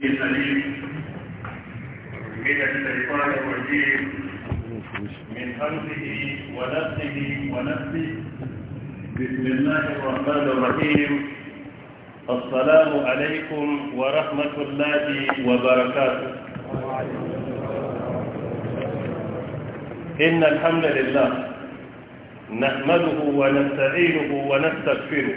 بسم الله الرحمن الرحيم السلام عليكم ورحمة الله وبركاته إن الحمد لله نحمده ونستعينه ونستغفره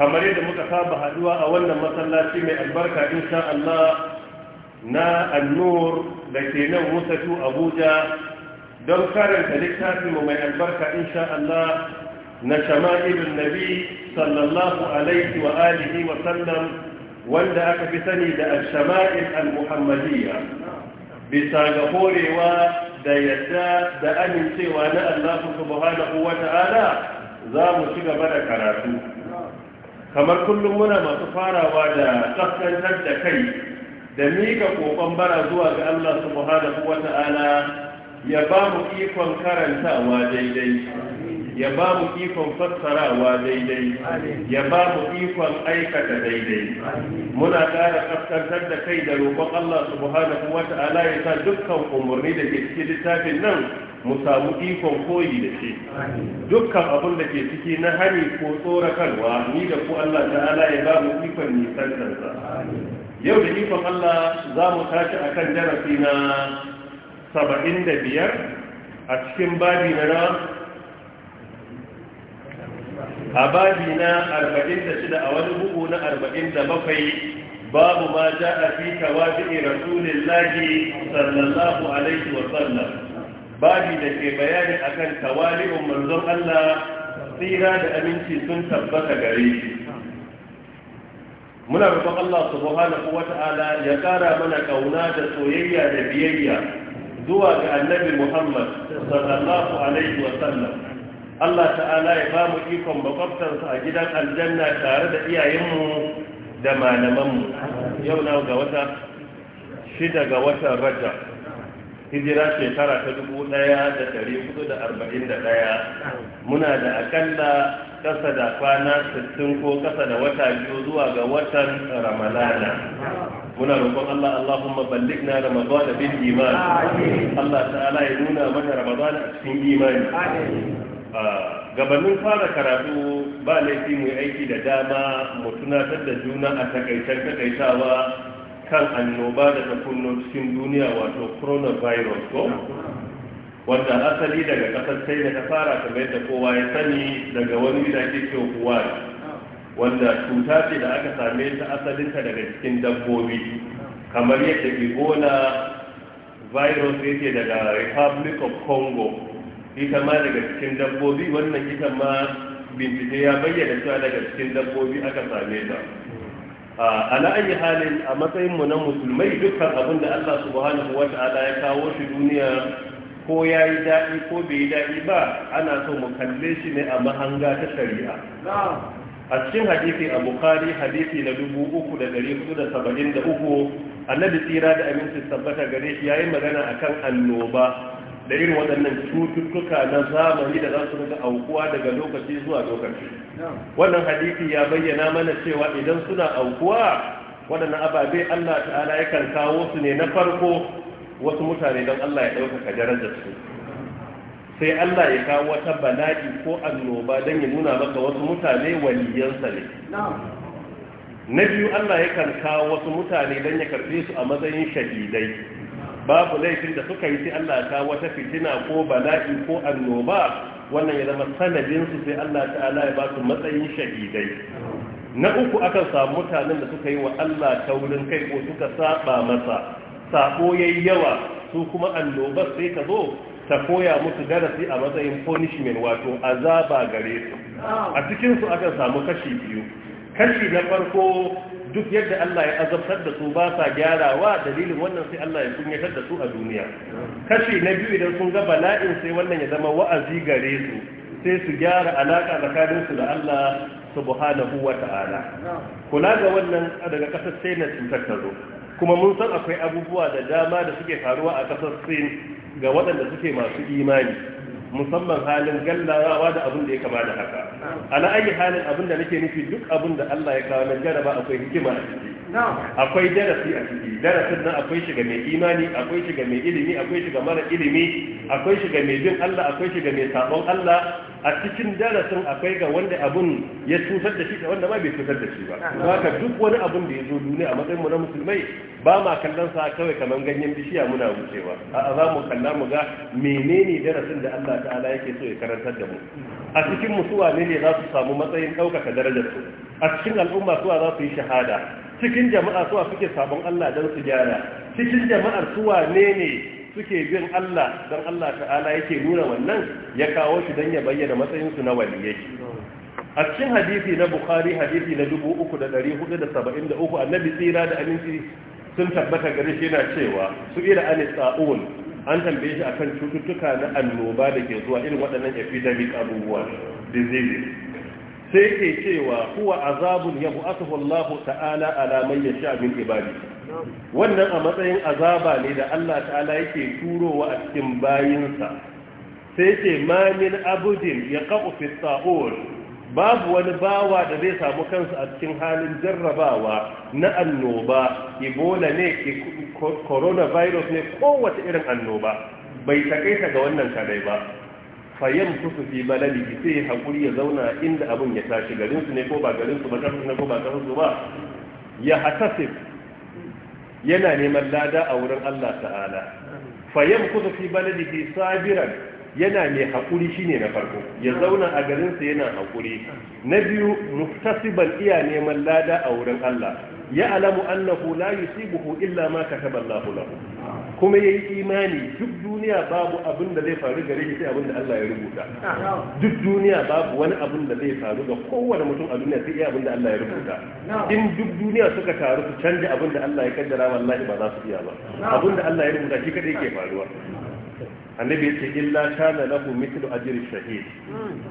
kamar yadda muka saba haduwa a wannan masallaci mai albarka insha Allah na annur da ke nan musatu abuja don karanta littafinmu mai albarka insha Allah na shama'ilun nabi sallallahu alaihi wa alihi wa sallam wanda aka fi sani da al-shama'il al-muhammadiyya bisa ga horewa da yadda da amincewa na Allah subhanahu wa ta'ala za mu ci gaba da karatu kamar kullum muna masu farawa da tsaftantar da kai da mika kokon bara zuwa ga Allah subhanahu wata'ala ya ba mu ikon karantawa daidai ya ba mu ikon fassarawa daidai ya ba mu ikon aikata daidai muna ƙara tsaftantar da kai da roƙon Allah subhanahu wata'ala ya sa dukkan umarni da ke cikin littafin nan mu samu ikon koyi da shi dukkan abin da ke ciki na hari ko tsorakarwa ni da ku Allah ta'ala ya ba mu ikon nisantarsa yau da ikon Allah za mu tashi a kan darasi na saba'in da biyar a cikin babi na a babi na arba'in da shida a wani bugu na arba'in da bakwai ja a a في كوابئ رسول الله صلى alaihi عليه babi da ke bayani akan tawali'un manzon Allah tsira da aminci sun tabbata gare shi muna roƙon Allah subhanahu wata'ala ya ƙara mana kauna da soyayya da biyayya zuwa ga annabi Muhammad sallallahu alaihi wa sallam Allah ta'ala ya ba mu ikon makwabtansa a gidan aljanna tare da iyayenmu da malamanmu yau na ga wata shida ga watan Rajab hijira shekara ta dubu ɗaya da dari hudu da arba'in da ɗaya muna da akalla ƙasa da kwana sittin ko kasa da wata biyu zuwa ga watan ramadana muna roƙon Allah Allahumma ramadan da bin iman Allah ta'ala ya nuna mana ramadan a cikin imani ah, gabanin fara karatu ba laifi mai aiki da dama mu tunatar da juna a takaitar takaitawa kan annoba da ta kunno cikin duniya wato coronavirus ko wanda asali daga kasar china ta fara kamar da kowa ya sani daga wani da ake cewa huwai wanda cuta ce da aka same ta asalinta daga cikin dabbobi kamar yadda ebola virus yake daga republic of congo ita ma daga cikin dabbobi wannan ita ma bincike ya bayyana cewa daga cikin dabbobi aka same ta ala ayi halin a matsayin mu na musulmai dukkan abin da Allah subhanahu wata'ala ya kawo shi duniya ko ya yi daɗi ko bai yi daɗi ba ana so mu kalle shi ne a mahanga ta shari'a a cikin hadisi a bukari hadisi na dubu uku da ɗari hudu da saba'in da uku annabi tsira da aminci tabbata gare shi ya yi magana akan annoba da irin waɗannan cututtuka na zamani da za su daga aukuwa daga lokaci zuwa lokaci wannan hadisi ya bayyana mana cewa idan suna aukuwa waɗannan ababe Allah ta'ala ya kawo su ne na farko wasu mutane don Allah ya ɗaukaka darajar su sai Allah ya kawo wata bala'i ko annoba don ya nuna maka wasu mutane waliyansa ne na biyu Allah ya kawo wasu mutane don ya karɓe su a matsayin shahidai babu laifin da suka yi sai Allah ta wata fitina ko bala'i ko annoba wannan ya zama sanadin su sai Allah ta'ala ya ba su matsayin shahidai na uku akan samu mutanen da suka yi wa Allah taurin kai ko suka saba masa sako yayi yawa su kuma annoba sai ka zo ta koya musu darasi a matsayin punishment wato azaba gare su a cikin su akan samu kashi biyu kashi na farko duk yadda Allah ya azabtar da su ba sa gyarawa dalilin wannan sai Allah ya kunyatar da su a duniya kashi na biyu idan sun ga bala'in sai wannan ya zama wa'azi gare su sai su gyara alaka tsakanin su da Allah subhanahu wa ta'ala kula ga wannan daga kasar sai na cutar ta zo kuma mun san akwai abubuwa da dama da suke faruwa a kasar sin ga waɗanda suke masu imani musamman halin gallawa da abin da ya kama da haka a ayi halin abin da nake nufi duk abin da Allah ya kawo na jaraba akwai hikima a ciki akwai darasi a ciki darasin nan akwai shiga mai imani akwai shiga mai ilimi akwai shiga mara ilimi akwai shiga mai bin Allah akwai shiga mai sabon Allah a cikin darasin akwai ga wanda abun ya cutar da shi da wanda ma bai cutar da shi ba haka duk wani abun da ya zo duniya a matsayin mu na musulmai ba ma kallon sa kawai kaman ganyen bishiya muna wucewa a za mu kalla mu ga menene darasin da Allah ta'ala yake so ya karantar da mu a cikin suwa ne ne za su samu matsayin ɗaukaka darajar su a cikin al'umma suwa za su yi shahada cikin jama'a suwa suke sabon Allah don su gyara cikin jama'ar suwa ne ne suke bin Allah don Allah ta'ala yake nuna wannan ya kawo shi don ya bayyana matsayinsu na waliyai a cikin hadisi na bukhari hadisi na 3473 annabi tsira da aminci sun tabbata gari shi yana cewa su ila an sa'un an tambaye shi akan cututtuka na annoba da ke zuwa irin waɗannan epidemic abubuwa diseases sai ke cewa kuwa azabun ya bu'atu wallahu ta'ala ala ya yasha min ibadi wannan a matsayin azaba ne da Allah ta'ala yake turowa a cikin bayinsa sai ce ma min abudin ya qafu fi sa'ur babu wani bawa da zai samu kansa a cikin halin jarrabawa na annoba ebola ne coronavirus ne kowace irin annoba bai takaita ga wannan kadai ba fayyam kusu fi baladi sai hakuri ya zauna inda abin ya tashi garinsu ne ko ba garinsu ba ko ba kafin ba ya yana neman lada a wurin Allah ta'ala fayyam kusu fi baladi sabiran yana mai hakuri shine na farko ya zauna a garinsa yana hakuri na biyu muftasiban iya neman lada a wurin Allah ya alamu annahu la yusibuhu illa ma kataba Allah lahu kuma ya yi imani duk duniya babu abin da zai faru gare shi sai abin da Allah ya rubuta duk duniya babu wani abin da zai faru ga kowane mutum a duniya sai iya abin da Allah ya rubuta in duk duniya suka taru su canja abin da Allah ya kaddara wallahi ba za su iya ba abin da Allah ya rubuta shi kadai ke faruwa annabi ya ce illa kana lahu mithlu ajri shahid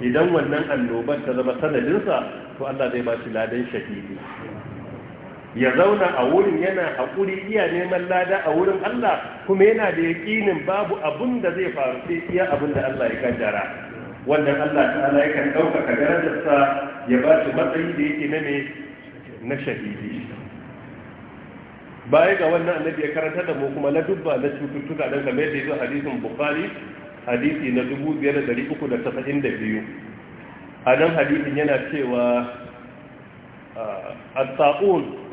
idan wannan annobar ta zama sa to Allah zai ba shi ladan shahidi ya zauna a wurin yana haƙuri iya neman lada a wurin Allah kuma yana da yaƙinin babu abun da zai faru sai iya abun da Allah ya kaddara wannan Allah ta'ala yakan ɗaukaka darajarsa ya ba shi matsayi da yake nane na shahidi baya ga wannan annabi ya karanta da mu kuma na dubba na cututtuka don kamar da ya hadisin bukhari hadisi na 2372 a nan hadisin yana cewa a ah, tsa'un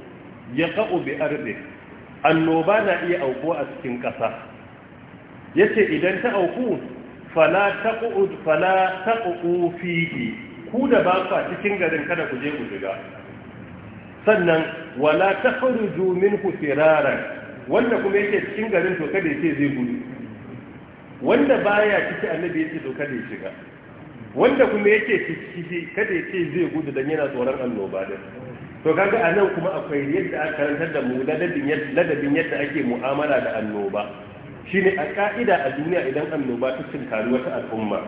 ya ƙa'u bi arzik annoba na iya auku a cikin ƙasa ya ce idan ta auku fala taƙu'u fiye ku da ba ku cikin garin kada ku je ku shiga sannan wala ta faru takhruju ku firarar wanda kuma yake cikin garin to kada yake zai gudu wanda baya ciki annabi yake to kada ya shiga wanda kuma yake ciki kada yake zai gudu don yana tsoron annoba din to kaga a nan kuma akwai yadda aka karantar da mu ladabin yadda ake mu'amala da annoba shine a ka'ida a duniya idan annoba ta cinkari wata al'umma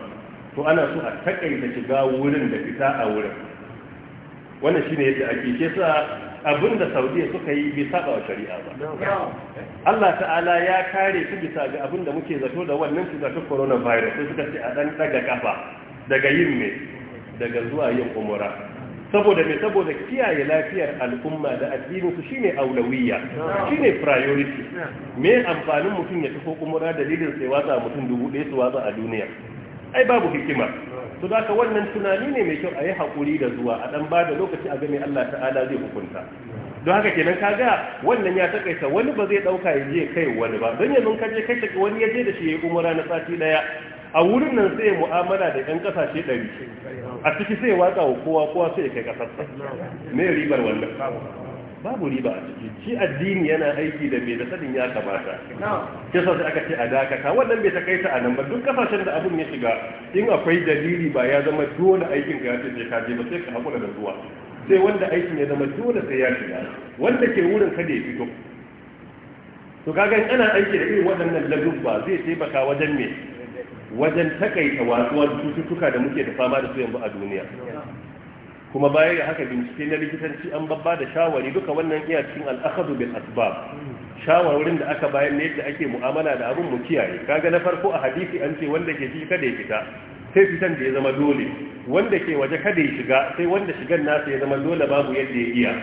to ana so a takaita shiga wurin da fita a wurin wannan shine yadda ake ke sa abin da saudiya suka yi bai saba wa shari'a ba Allah ta'ala ya kare su bisa ga abin da muke zato da wannan cuta ta coronavirus sai suka ce a dan daga kafa daga yin me daga zuwa yin umura saboda mai saboda kiyaye lafiyar al'umma da addininsu su shine aulawiya shine priority me amfanin mutum ya tafi umara dalilin sai watsa mutum dubu ɗaya su watsa a duniya ai babu hikima to da ka wannan tunani ne mai kyau a yi haƙuri da zuwa a ɗan bada lokaci a game Allah ta'ala zai hukunta don haka kenan ka ga wannan ya takaita wani ba zai ɗauka ya je kai wani ba don yanzu ka je kashe wani ya je da shi ya yi umura na sati ɗaya a wurin nan sai mu'amala da yan kasashe ɗari a ciki sai waka wa kowa kowa sai ya kai kasarsa me ribar wannan babu riba a ciki shi addini yana aiki da mai da ya kamata ke sai aka ce a dakata wannan bai ta a nan ba duk kasashen da abin ya shiga in akwai dalili ba ya zama dole aikin ka ce sai ka je ba sai ka hakura da zuwa sai wanda aikin ya zama dole sai ya shiga wanda ke wurin kada ya fito to kaga in ana aiki da irin waɗannan ladubba zai taimaka wajen me wajen takaita watsuwar cututtuka da muke da fama da su yanzu a duniya kuma bayan da haka bincike na likitanci an babba da shawari duka wannan iya cikin al'akadu bil asbab shawarwarin da aka bayan ne yadda ake mu'amala da abin mu kiyaye kaga na farko a hadisi an ce wanda ke shi kada ya fita sai fitan da ya zama dole wanda ke waje kada ya shiga sai wanda shigan nasa ya zama dole babu yadda ya iya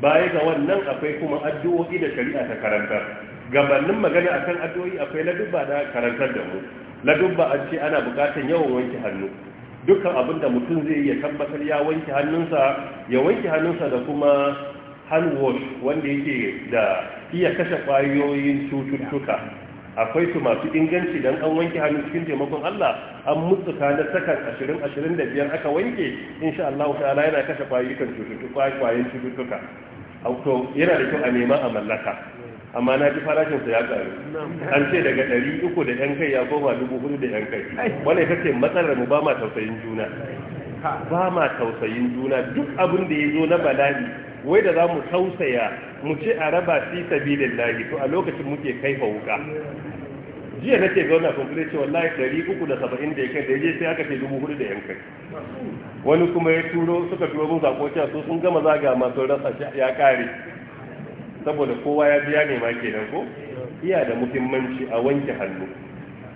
baya ga wannan akwai kuma addu'o'i da shari'a ta karantar gabanin magana akan addu'o'i akwai na dubba da karantar da mu dubba an ce ana bukatar yawan wanke hannu dukkan abin da mutum zai iya tabbatar ya wanke hannunsa ya wanke hannunsa da kuma hand wash wanda yake da iya kashe kwayoyin cututtuka akwai su masu inganci dan an wanke hannu cikin taimakon Allah an ka na sakan 20-25 aka wanke insha Allah ta'ala yana kashe kwayoyin cututtuka yana da kyau a nema a mallaka amma na ji farashinsa ya karu an ce daga ɗari uku da yan kai ya koma dubu da yan kai Wani ya ce matsalar mu ba ma tausayin juna ba ma tausayin juna duk abin da ya zo na bala'i wai da za mu tausaya mu ce a raba fi sabilin lahi to a lokacin muke kai wuka jiya nake zauna kuma ce wallahi ɗari uku da saba'in da ya kai da ya je sai aka ce dubu da yan kai wani kuma ya turo suka turo mun zakoci a sun gama zaga masu rasa ya kare saboda kowa ya biya ne ma ke ko iya da muhimmanci a wanke hannu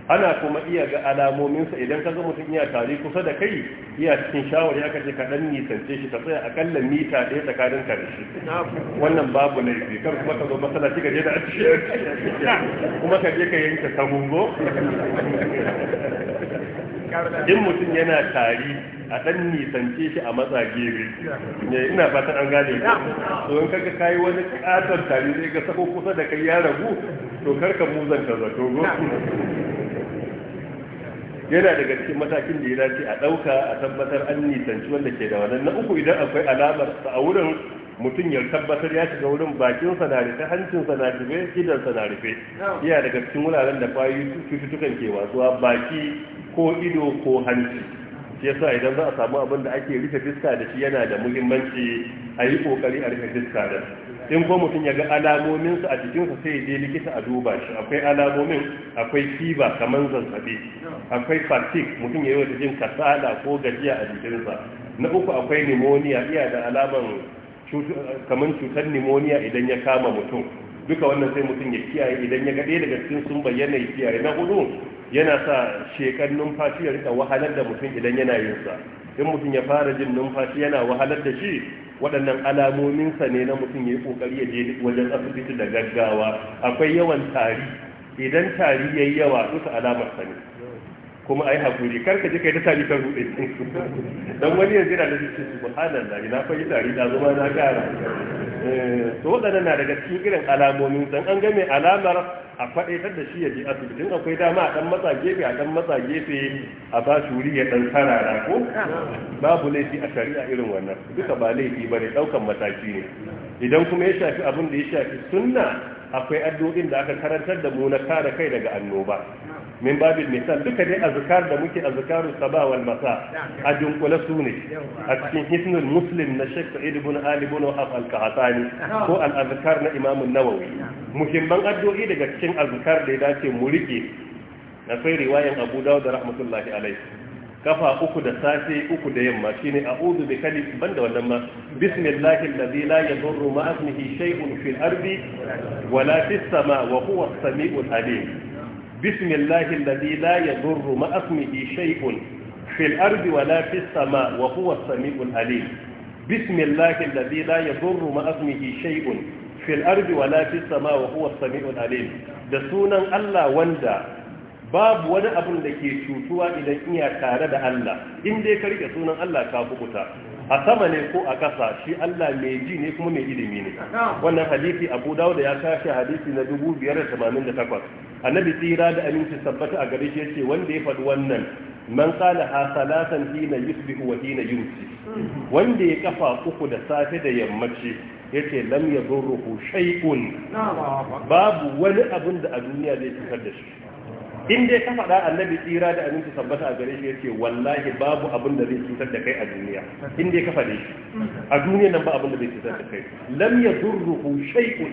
ana kuma iya ga alamominsa idan ka ga mutum iya tari kusa da kai iya cikin shawari aka ce kaɗan nisance shi ka tsaya akalla mita ɗaya tsakanin ka da shi wannan babu laifi kar kuma ka zo masallaci ka je da kuma ka je ka yanke sahungo in mutum yana tari a dan nisance shi a matsa gebe ina fatan an gane to in kaga kai wani katar tari zai ga sako kusa da kai ya ragu to karka ka zato yana daga cikin matakin da ya dace a ɗauka a tabbatar an nisanci wanda ke da wannan na uku idan akwai alamar a wurin mutum ya tabbatar ya shiga wurin bakin sa na rufe hancin sa na rufe idan sa na rufe yana daga cikin wuraren da kwayoyi cututtukan ke wasuwa baki ko ido ko hanci shi yasa idan za a samu abin da ake rufe fiska da shi yana da muhimmanci a yi kokari a rufe fiska da in ko mutum ya ga alamominsa a jikinsa sai ya je likita a duba shi akwai alamomin akwai fiba kamar zazzabi akwai fatigue mutum ya yi wata jin kasala ko gajiya a jikinsa na uku akwai pneumonia iya da alaman kamar cutar pneumonia idan ya kama mutum duka wannan sai mutum ya kiyaye idan ya ga ɗaya daga cikin sun bayyana ya kiyaye na hudu yana sa shekar numfashi ya rika wahalar da mutum idan yana yin sa in mutum ya fara jin numfashi yana wahalar da shi waɗannan alamominsa ne na mutum ya yi ƙoƙari ya je wajen asibiti da gaggawa akwai yawan tari idan tari ya yi yawa duka alamarsa ne kuma ai hakuri kar ka je kai ta sami kan rude dan wani yanzu yana da cikin subhanallahi na fa yi tari da zuma na gara eh, to wadannan na daga cikin irin alamomin dan an ga mai alamar a faɗaitar da shi ya je asibitin akwai dama a ɗan matsa gefe a ɗan matsa gefe a ba shi ya ɗan karara ko babu laifi a shari'a irin wannan duka ba laifi ba ne ɗaukan mataki ne idan kuma ya shafi abin da ya shafi sunna akwai addu'o'in da aka karantar da mu na kare kai daga annoba min babin misal duka dai azkar da muke azkarus sabah wal masa a dunkule su ne a cikin hisnul muslim na Sheikh Sa'id ibn Ali ibn Wahab al kahatani ko al-azkar na Imam an-Nawawi muhimman addu'o'i daga cikin azkar da ya dace mu rike sai riwayan Abu Dawud rahmatullahi alaihi kafa uku da safe uku da yamma shine a'udhu bi kalim banda wannan ma bismillahi alladhi la yadurru ma ismihi shay'un fil ardi wala fis sama wa huwa as-sami'ul alim bismillahi alladhi la yadurru ma shay'un fil ardi wala fis sama wa huwa as-sami'ul alim bismillahi alladhi la yadurru ma ismihi shay'un fil ardi wala fis sama wa huwa as-sami'ul alim da sunan Allah wanda babu wani abin da ke cutuwa idan iya tare da Allah in dai ka sunan Allah ka kubuta a sama ne ko a ƙasa shi Allah mai ji ne kuma mai ilimi ne wannan hadisi Abu Dawud ya kashe hadisi na 2588 annabi tsira da aminci sabbata a gare shi yace wanda ya faɗi wannan man qala ha salatan hina yusbihu wa hina yumsi wanda ya kafa uku da safe da yammaci yace lam yadurruhu shay'un babu wani abin da a duniya zai cutar da shi in dai ka faɗa annabi tsira da aminci sabbata a gare shi ya ce wallahi babu abin da zai cutar da kai a duniya in dai ka faɗe shi a duniya nan ba abin da zai cutar da kai lam ya zurruhu shay'un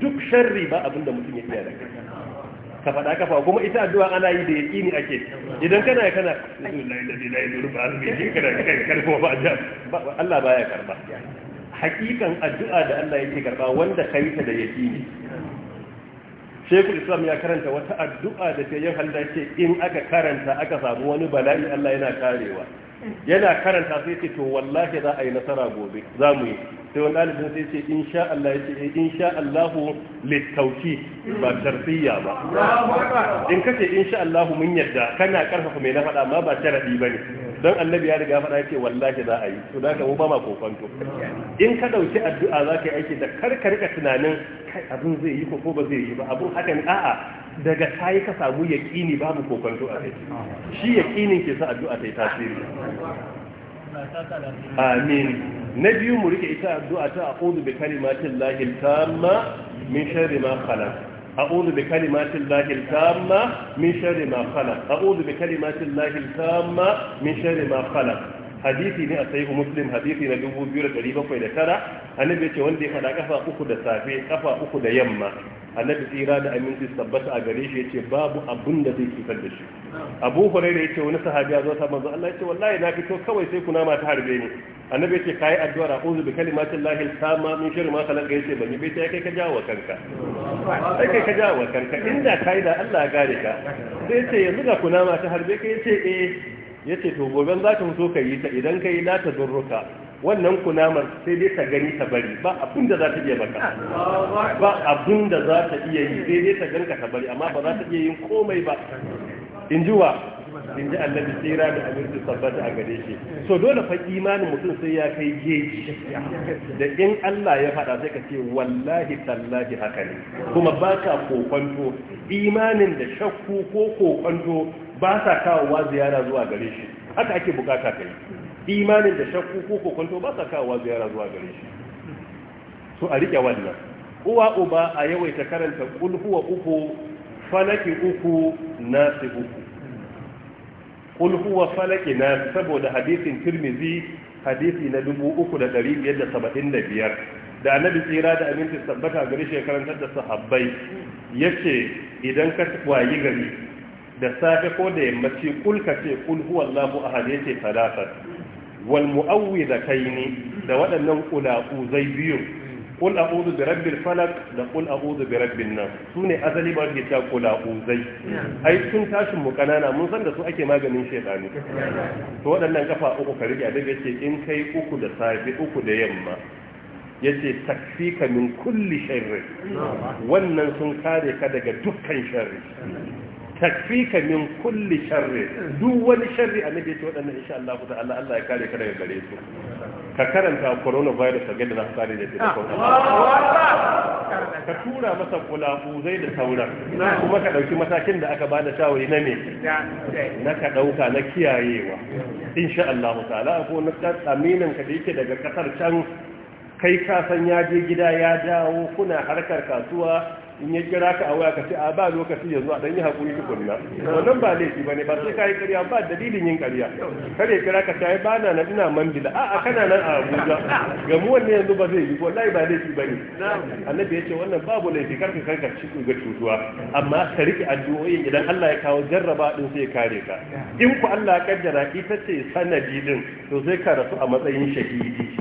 duk sharri ba abin da mutum ya iya da kai ka faɗa kafa kuma ita addu'a ana yi da yaqini ake idan kana kana Allah baya karba hakikan addu'a da Allah yake karba wanda kai ta da yaqini shekul islam ya karanta wata addu'a da ta yin halda ce in aka karanta aka samu wani bala'i Allah yana karewa yana karanta sai ce to wallahi za a yi nasara gobe za mu yi sai wani ɗalibin sai eh ce in sha Allah ya ce in sha Allahu littauki ba sharfiya ba in kace in sha Allahu mun yadda kana karfafa mai na faɗa ma ba sharadi ba ne don annabi ya riga faɗa ce wallahi za a yi to da ka mu ba ma kokonto in ka ɗauki addu'a za ka yi aiki da ka tunanin kai abin zai yi ko ba zai yi ba abin haka ne a'a daga yi ka samu yaƙini babu kokonto a kai shi yaƙinin ke sa addu'a ta yi tasiri amin na biyu mu rike ita addu'a ta aqulu bi kalimatin lahil tamma min sharri ma khalaq أعوذ بكلمات الله التامة من شر ما خلق أعوذ بكلمات الله التامة من شر ما خلق hadisi ne a sahihu muslim hadisi na 2709 annabi ce wanda ya faɗa kafa uku da safe kafa uku da yamma annabi tsira da aminci tabbata a gare shi yace babu abun da zai cutar da shi abu hurairah yace wani sahabi ya zo sa manzo Allah yace wallahi na fito kawai sai kuna mata ta harbe ni annabi yace kai addu'a a'udhu bi kalimatin lahil tamma min sharri ma khalaqa yace ban yi bai kai ka jawo kanka sai kai ka jawo kanka inda kai da Allah ya gare ka sai yace yanzu ga kuna mata ta harbe kai yace eh ya ce to gobe za ta mutu ka yi ta idan ka yi la ta durruka wannan kunamar sai dai ta gani ta bari ba abin da za ta iya baka ba abin da za ta iya yi sai dai ta ganka ta bari amma ba za ta iya yin komai ba in ji wa in ji annabi tsira da abinci sabbata a gare shi so dole fa imanin mutum sai ya kai geji da in Allah ya faɗa sai ka ce wallahi tallahi haka ne kuma ba ka kokwanto imanin da shakku ko kokwanto ba sa kawowa ziyara zuwa gare shi haka ake bukata kai imanin da shakku ko kokwanto ba sa kawowa ziyara zuwa gare shi so a rike wannan uwa uba a yawaita karanta kul uku falaki uku nasi uku Kulhuwar huwa falaki na saboda hadisin tirmizi hadisi na 3575 da annabi tsira da aminci tabbata gari shekarantar da sahabbai ce, idan ka wayi gari da safe ko da yammaci kul ka ce kul huwa Allahu a yace talafat wal da waɗannan kula'u zai biyu qul a'udhu bi rabbil falaq da qul a'udhu bi rabbin nas sune asali ba ke ta qul a'udhai ai sun tashin mu kanana mun san da su ake maganin shedani to waɗannan kafa uku ka rike da yace in kai uku da safi uku da yamma yace takfika min kulli sharri wannan sun kare ka daga dukkan sharri takfika min kulli sharri duk wani sharri annabi ya waɗannan Allah ta'ala Allah ya kare ka daga gare su ka karanta coronavirus a da za su da taimakon ah. ka tura masa kulafuzai da sauran kuma ka ɗauki matakin da aka bada shawari na me na ka ɗauka na kiyayewa sha Allah ta'ala ko na tsaminin ka da yake daga kasar can kai ka san ya je gida ya dawo kuna harkar kasuwa in ya kira ka a waya ka ce a ba lokaci yanzu a dan yi hakuri tukunna wannan ba laifi ba ne ba sai ka yi ƙarya ba dalilin yin ƙarya kare kira ka ta ba na nan ina man bila a kana nan a Abuja ga mu yanzu ba zai yi wallahi ba laifi ba bane annabi ce wannan babu laifi karka karka ci ga cutuwa amma ka rike addu'o'in idan Allah ya kawo jarraba din sai kare ka in ku Allah ya kaddara ita ce sanadi din to sai ka rasu a matsayin shahidi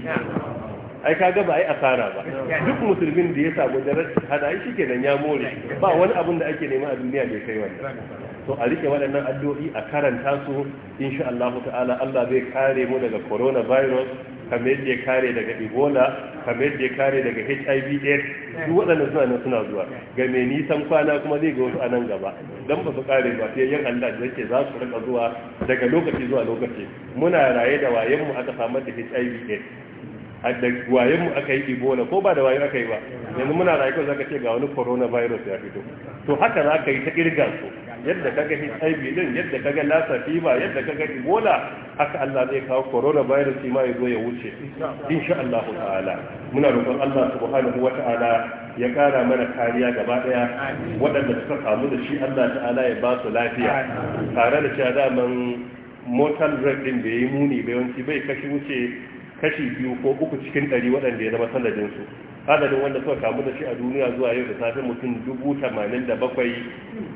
ai kaga ba ai asara ba duk musulmin da ya samu darasi, hada ai kenan ya more ba wani abin da ake nema a duniya da kai wannan to a rike waɗannan addu'o'i a karanta su insha Allah ta'ala Allah zai kare mu daga corona kamar yadda ya kare daga Ebola kamar yadda ya kare daga HIV AIDS duk waɗannan suna nan suna zuwa ga mai nisan kwana kuma zai ga wasu a nan gaba dan ba su kare ba sai yan Allah da yake za su rika zuwa daga lokaci zuwa lokaci muna raye da wayen mu aka samar da HIV AIDS da wayen mu aka yi ibola ko ba da wayen aka yi ba yanzu muna rayuwa za ka ce ga wani coronavirus ya fito to haka za ka yi ta irga su yadda ka ga hiv din yadda ka ga lasa fiba yadda ka ga ibola haka allah zai kawo coronavirus shi ma ya zo ya wuce insha allahu ta'ala muna roƙon allah subhanahu wa ta'ala ya kara mana kariya gaba daya waɗanda suka kamu da shi Allah ta'ala ya ba su lafiya tare da cewa daman motal red din da yi muni bai bai kashi wuce kashi biyu ko uku cikin ɗari waɗanda ya zama sanadinsu adadin wanda suka kamu da shi a duniya zuwa yau da safe mutum dubu tamanin da bakwai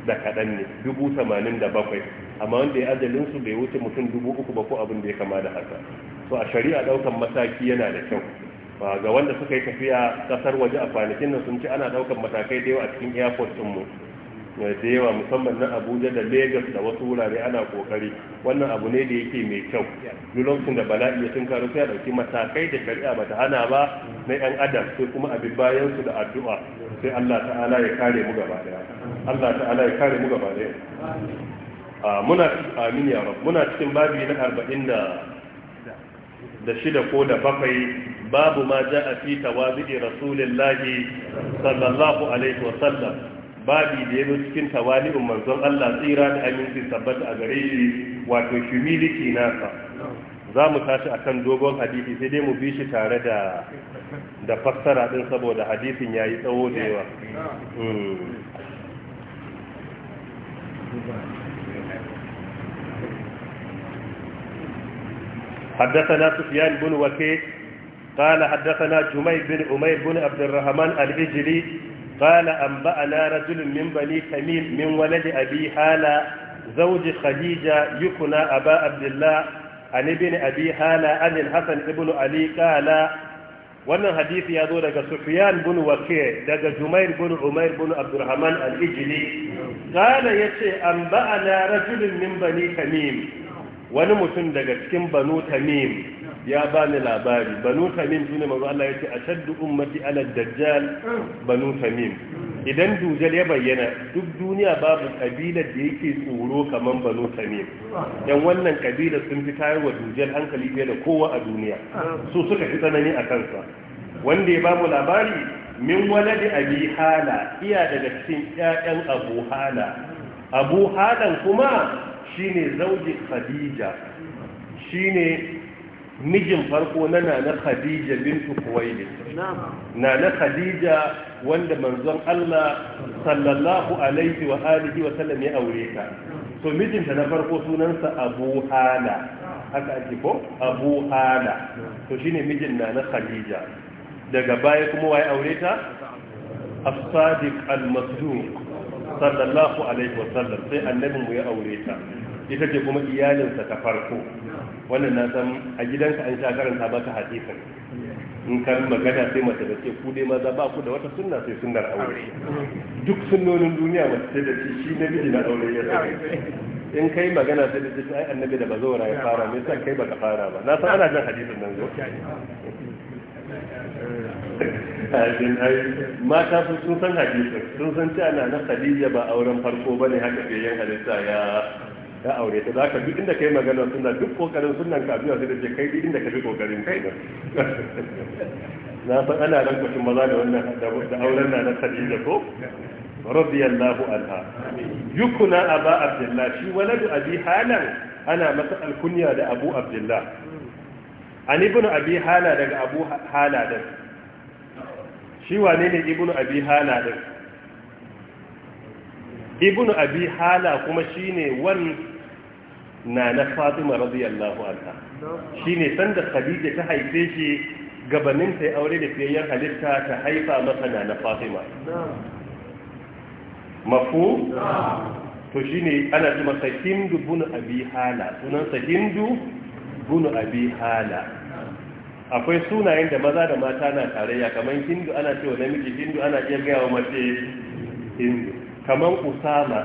da kaɗan ne dubu tamanin da bakwai amma wanda ya ajalinsu bai wuce mutum dubu uku ba ko abin da ya kama da haka so a shari'a ɗaukan mataki yana da kyau ga wanda suka yi tafiya ƙasar waje a kwanakin nan sun ci ana ɗaukan matakai da yawa a cikin airport mu. da yawa musamman na abuja da lagos da wasu wurare ana kokari wannan abu ne da yake mai kyau duk da bala'i ya karu sai a ɗauki matakai da shari'a ta hana ba na yan adam sai kuma abin bayan su da addu'a sai allah ta'ala ya kare mu gaba daya allah ta'ala ya kare mu gaba daya muna amin ya rab muna cikin babi na arba'in da da shida ko da bakwai babu ma ja'a fi tawazi'i rasulillahi sallallahu alaihi wa sallam babi da ya bi cikin tawali'un manzon Allah tsira da aminci sabbata a gare shi wato humility nasa za mu tashi akan dogon hadisi sai dai mu bi shi tare da da fassara din saboda hadisin yayi tsawo da yawa hmm. حدثنا سفيان بن وكيع قال حدثنا جميل بن عمير بن عبد الرحمن الإجلي قال أنبأنا رجل من بني تميم من ولد أبي هالة زوج خديجة يكنى أبا عبد الله عن ابن أبي هالة عن الحسن ابن علي قال wannan hadisi ya zo daga Sufiyan bin Waqi daga Jumair bin Umair bin Abdurrahman al-Ijli kana yace an ba'ana rajulun min bani Tamim wani mutum daga cikin Banu Tamim ya bani labari banu tamim sune manzo Allah yace ashaddu ummati ala dajjal banu tamim idan dujal ya bayyana duk duniya babu kabilar da yake tsoro kaman banu tamim dan wannan kabila sun fi tayar wa dujal hankali fiye da kowa a duniya su suka fi tsanani a kansa wanda ya babu labari min waladi abi hala iya daga cikin ƴaƴan abu hala abu halan kuma shine zauji khadija shine mijin farko na nana khadija bintu kuwaili nana khadija wanda manzon Allah sallallahu alaihi wa alihi wa sallam ya aure ta to mijinta na farko sunansa abu hala haka ake ko abu hala to shine mijin nana khadija daga baya kuma waye aure ta as-sadiq al-masduq sallallahu alaihi wa sallam sai annabinmu ya aure ta ita ce kuma iyalinsa ta farko wannan na san a gidanka an sha karanta baka hadisin in kan magana sai mace da ce ku dai maza ba ku da wata sunna sai sunnar aure duk sunnonin duniya su sai da ce shi namiji na aure ya sai in kai magana sai da ce ai annabi da bazawara ya fara me yasa kai baka fara ba na san ana jin hadisin nan zo hadisin ai mata sun san hadisin sun san cewa na na Khadija ba auren farko bane haka fiye yin halitta ya ya aure ta zaka duk inda kai magana sunna duk kokarin sunnan ka biya sai da je kai duk inda ka bi kokarin kai da na san ana ran kwacin maza da wannan da auren na na Khadija ko radiyallahu anha yukuna aba abdullah shi waladu abi halan ana masa alkunya da abu abdullah an ibn abi hala daga abu hala din shi wane ne ibn abi hala din ibnu abi hala kuma shine wan na na fatima radiyallahu anha shine sanda khadija ta haife shi gabanin ta aure da fiyayyen halitta ta haifa masa na na fatima mafu to shine ana cewa sahim hindu bunu abi hala sunansa hindu bunu abi hala akwai sunayen da maza da mata na tarayya kamar hindu ana cewa namiji hindu ana iya gaya wa mace hindu kamar usama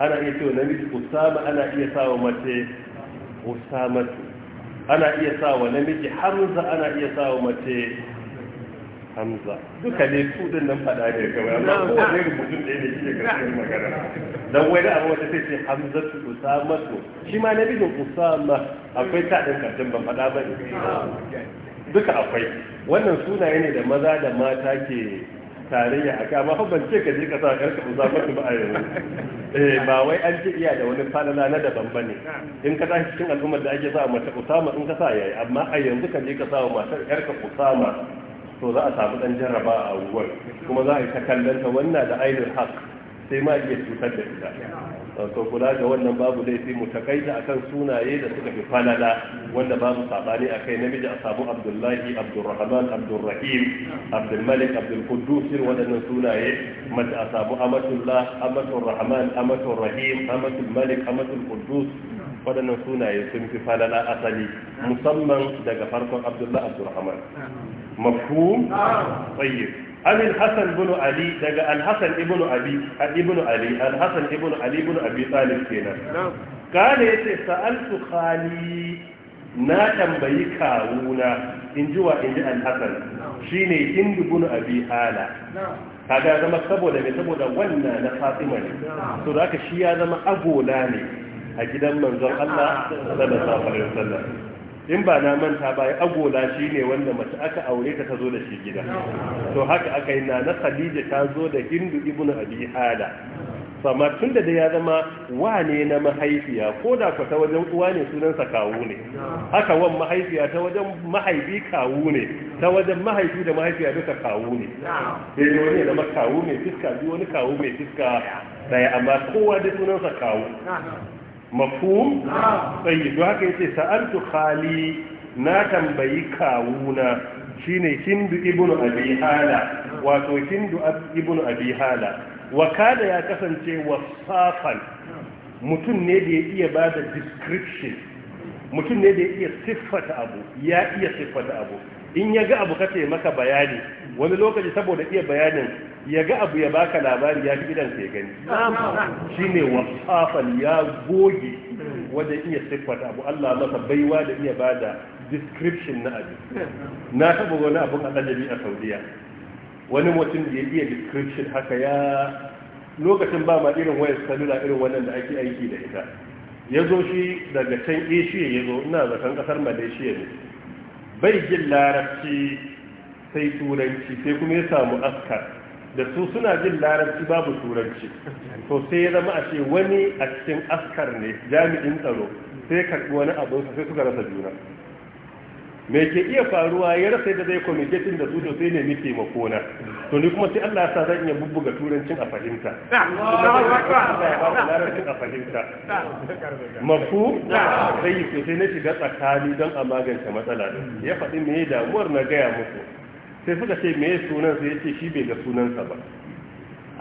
ana iya cewa namiji usama ana iya sawa mace usamatu ana iya sawa namiji hamza ana iya sawa mace hamza duka ne su din nan fada ne kawai amma ko kowane rubutun ɗaya ne shi ne karshen magana don wani abu wata sai ce hamza su usama su shi ma namijin usama akwai ta din karshen ban fada ba ne duka akwai wannan sunaye ne da maza da mata ke tarayya a kama ban ce ka je ka sa karka ba a yanzu eh ba wai an ce iya da wani falala na daban ba in ka tashi cikin al'ummar da ake sa mata usama in ka sa yayi amma a yanzu ka je ka sa matar karka usama to za a samu dan jarraba a unguwar kuma za a yi ta kallon ta wannan da ainihin haka sai ma iya cutar da ita to kula ga wannan babu laifi mu takaita akan sunaye da suka fi falala wanda babu sabani kai namiji a samu abdullahi abdurrahman abdurrahim abdulmalik abdulquddus waɗannan sunaye mace a samu amatullah amatul rahman amatul rahim amatul malik amatul quddus waɗannan sunaye sun fi falala asali musamman daga farkon abdullahi abdurrahman mafhum tayyib amin Hassan ibn ali daga al-hasan ibn abi ibn ali al-hasan ibn ali ibn abi talib kenan kana yace sa'altu khali na tambayi kawuna in ji wa in ji al-hasan shine hind ibn abi hala kaga zama saboda me saboda wannan na fatima ne to da shi ya zama agola ne a gidan manzon Allah sallallahu alaihi wasallam in ba na manta ba ya agola shi ne wanda mace aka aure ta zo da shi gida to haka aka yi na na khadija ta zo da hindu ibn abi hala sama tun da ya zama wane na mahaifiya ko da ku ta wajen uwa ne sunansa kawu ne haka wan mahaifiya ta wajen mahaifi kawu ne ta wajen mahaifi da mahaifiya duka kawu ne sai wani zama kawu mai fiska biyu wani kawu mai fiska daya amma kowa da sunansa kawu mafum tayyib haka yace sa'altu khali na tambayi kawuna shine hindu ibnu abi hala wato hindu ibnu abi hala wa kada ya kasance wasafan mutum ne da ya iya bada description mutum ne da ya iya siffata abu ya iya siffata abu in ya ga abu kace maka bayani wani lokaci saboda iya bayanin ya ga abu ya baka labari ya fi idan ya gani shine wasafan ya goge wajen iya siffata abu Allah masa baiwa da iya bada description na abu na taba wani abun alajabi a Saudiya wani mutum da ya iya description haka ya lokacin ba ma irin wayar salula irin wannan da ake aiki da ita ya zo shi daga can asia ya zo ina zaton kasar malaysia ne bai jin larabci sai turanci sai kuma ya samu askar da su suna jin larabci babu turanci to sai ya zama a ce wani a cikin askar ne jami'in tsaro sai karɓi wani abinsa sai suka rasa juna me ke iya faruwa ya rasa yadda zai komitetin da su to sai nemi taimako na to ni kuma sai Allah ya sa zan iya bubbuga turancin a fahimta a fahimta mafu sai yi sai na shiga tsakani don a magance matsala ya faɗi me damuwar na gaya muku sai suka ce me sunan sai ce shi bai ga sunansa ba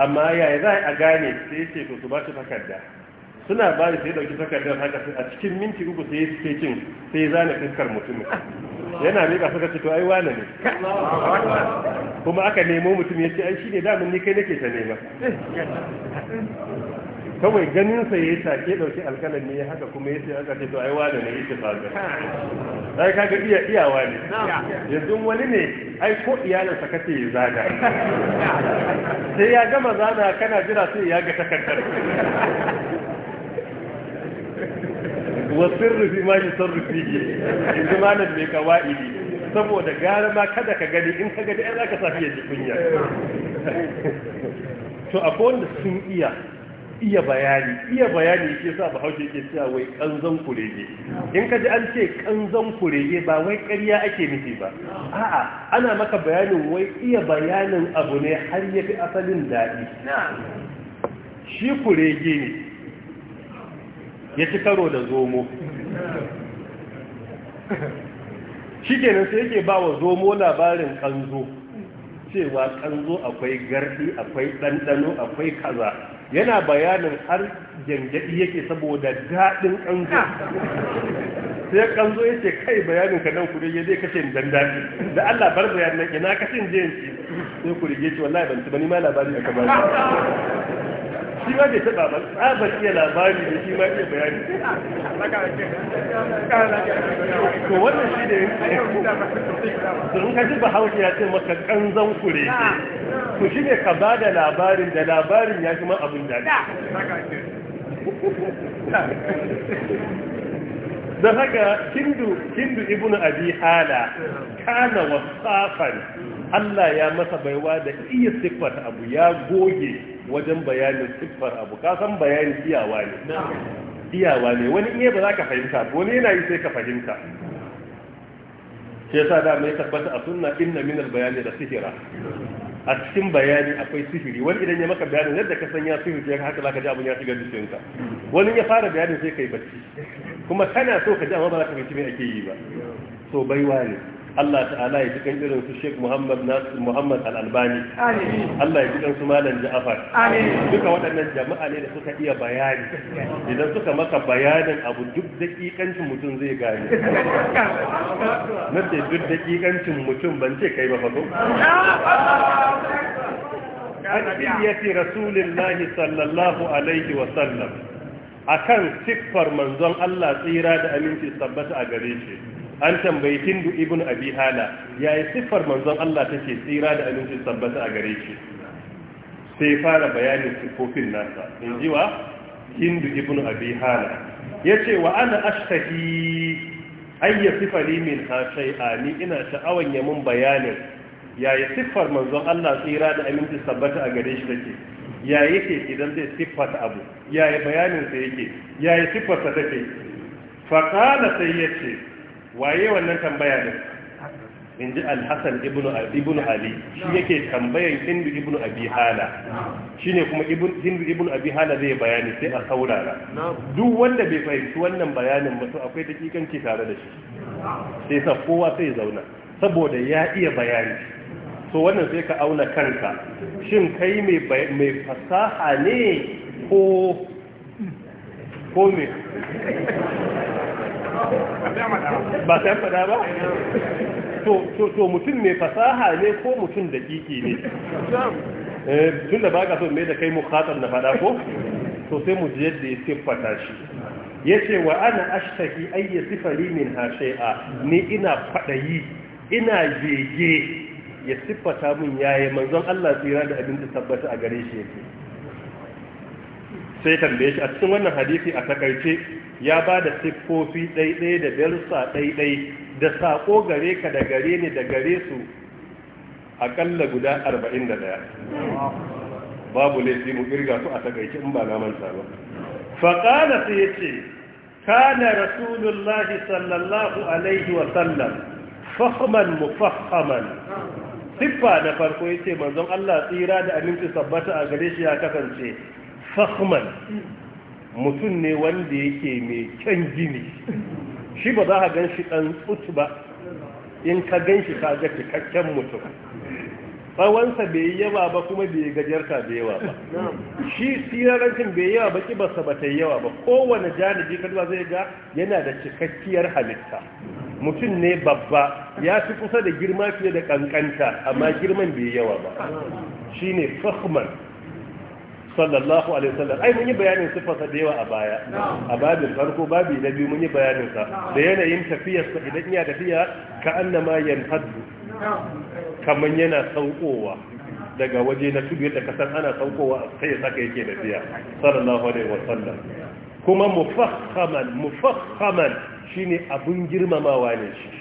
amma yaya za a gane sai ce to su ba shi takarda suna ba da sai dauki takardar haka a cikin minti uku sai ya cin sai zane fiskar mutumin yana miƙa suka ce to ai wane ne kuma aka nemo mutum ya ce ai shi ne damin ni kai nake ta nema kawai ganin sa ya take dauki alkalan ya haka kuma ya ce aka ce to ai wane ne yake faga Sai kaga iya iyawa ne yanzu wani ne ai ko iyalan sa kace ya zaga sai ya gama zana kana jira sai ya ga takardar wa sirri fi ma yusarru in malam mai kawaidi saboda gara ma kada ka gani in ka gani ai zaka safi ya ji kunya to a ko wanda sun iya iya bayani iya bayani yake sa bahaushe yake cewa wai kanzon kurege in ka ji an ce kanzon kurege ba wai ƙarya ake nufi ba a'a ana maka bayanin wai iya bayanin abu ne har yafi fi asalin daɗi shi kurege ne ya ci karo da zomo shi kenan sai yake ba wa zomo labarin kanzo cewa kanzo akwai gardi akwai ɗanɗano akwai kaza yana bayanin har gyangyaɗi yake saboda daɗin kanzo sai kanzo yake kai bayanin ka nan kuri ya zai kashe dan daɗi da Allah bar bayanin ina kashe jiyanci ci sai kuri ya ce wallahi ban ci ba ni ma labari aka ba shi ma da taba ba ba iya labari da shi ma ke bayani Ko wannan shi ne domin kaji ba hausa ya ce maka kanzan kure ku shi ne ka ba da labarin da labarin ya fi ma abin da da haka Kindu hindu ibnu abi hala kana wasafan Allah ya masa baiwa da iya siffata abu ya goge wajen bayanin siffar abu ka san bayani iyawa ne iyawa ne wani iya ba za ka fahimta wani yana yi sai ka fahimta sai sa da mai tabbata a sunna inna minal bayani da sihira a cikin bayani akwai sihiri wani idan ya maka bayanin yadda ka sanya sihiri ya haka zaka ji abin ya shiga jikinka wani ya fara bayanin sai kai bacci kuma kana so ka ji amma ba za ka fahimci me ake yi ba so baiwa ne Allah ta'ala ya cikin irin su Sheikh Muhammad Nasir Muhammad Al-Albani Allah ya cikin su Malam Ja'far duka waɗannan jama'a ne da suka iya bayani idan suka maka bayanin abu duk dakikancin mutum zai gane na ce duk dakikancin mutum ban ce kai ba fa ko Adiyati Rasulillahi sallallahu alaihi wa sallam akan siffar manzon Allah tsira da aminci sabbata a gare shi an tambayi hindu ibn abi hala yayi siffar manzon Allah take tsira da aminci tabbata a gare shi sai fara bayanin siffofin nasa in ji wa hindu ibn abi hala yace wa ana ashtahi yi sifali min ha A ni ina sha'awan yamin mun bayanin yayi siffar manzon Allah tsira da aminci tabbata a gare shi take ya yake idan zai siffata abu yayi bayanin sa yake yayi yi siffarsa take fa qala sai ce. waye wannan tambaya ne in ji alhassan Ibnu ali shi yake tambayan hindu ibnu abi hala shine ne ibnu hindu ibnu abi hala zai bayani sai a saurara duk wanda bai fahimci wannan bayanin ba to akwai ki tare da shi sai sa kowa sai zauna saboda ya iya bayani to wannan sai ka auna kanka shin kai mai fasaha ne ko ko me ba ta fada ba to mutum mai fasaha ne ko mutum da kiki ne eh, tun da ba ka so mai da kai mukatar na fada ko to sai mu je yadda ya siffata shi ya ce wa ana ashtaki ayya sifari min hashe'a ni ina fadayi ina jege ya siffata mun yayi manzon Allah tsira da abin da tabbata a gare shi yake sai tambaye shi a cikin wannan hadisi a takaice ya ba da siffofi ɗaiɗai da darussa ɗaiɗai da saƙo gare ka da gare ni da gare su aƙalla guda arba'in da ɗaya babu laifi mu ƙirga su a takaice in ba na manta ba faƙala sai ya ce kana rasulullahi sallallahu alaihi wa sallam fahman mufahhaman siffa da farko ya ce manzon Allah tsira da aminci sabbata a gare shi ya kasance Fahman mutum ne wanda yake mai kyan gini shi ba za ka gan shi ɗan tsutu ba in ka gan shi ka ga cikakken mutum tsawonsa bai yi yawa ba kuma bai gajarta da yawa ba shi sirarancin bai yawa ba basa ba ta yi yawa ba kowane janibi kalma zai ga yana da cikakkiyar halitta mutum ne babba ya fi kusa da girma fiye da kankanta amma girman bai yawa ba shi ne fahman sallallahu alaihi wasallam ai mun yi bayanin sifarsa da yawa a baya a babin farko babi na biyu mun yi bayanin sa da yanayin tafiyarsa idan iya tafiya ka annama yanhaddu kaman yana saukowa daga waje na tudu da kasan ana saukowa sai ya saka yake tafiya sallallahu alaihi wasallam kuma mufakhaman mufakhaman shine abun girmamawa ne shi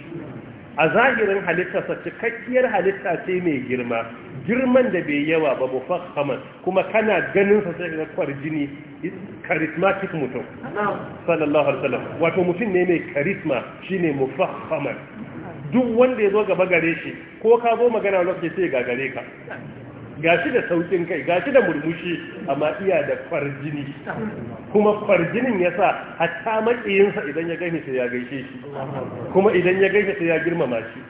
a zahirin halitta sa cikakkiyar halitta ce mai girma girman da bai yawa ba mufakhaman kuma kana ganin sa sai da jini charismatic mutum sallallahu alaihi wasallam wato mutum ne mai charisma shine mufakhaman duk wanda ya zo gaba gare shi ko ka zo magana lokaci sai ga gare ka gashi da saukin kai gashi da murmushi amma iya da kwarjini kuma kwarjinin yasa hatta makiyinsa idan ya gani sai ya gaishe shi kuma idan ya gaishe sai ya girmama shi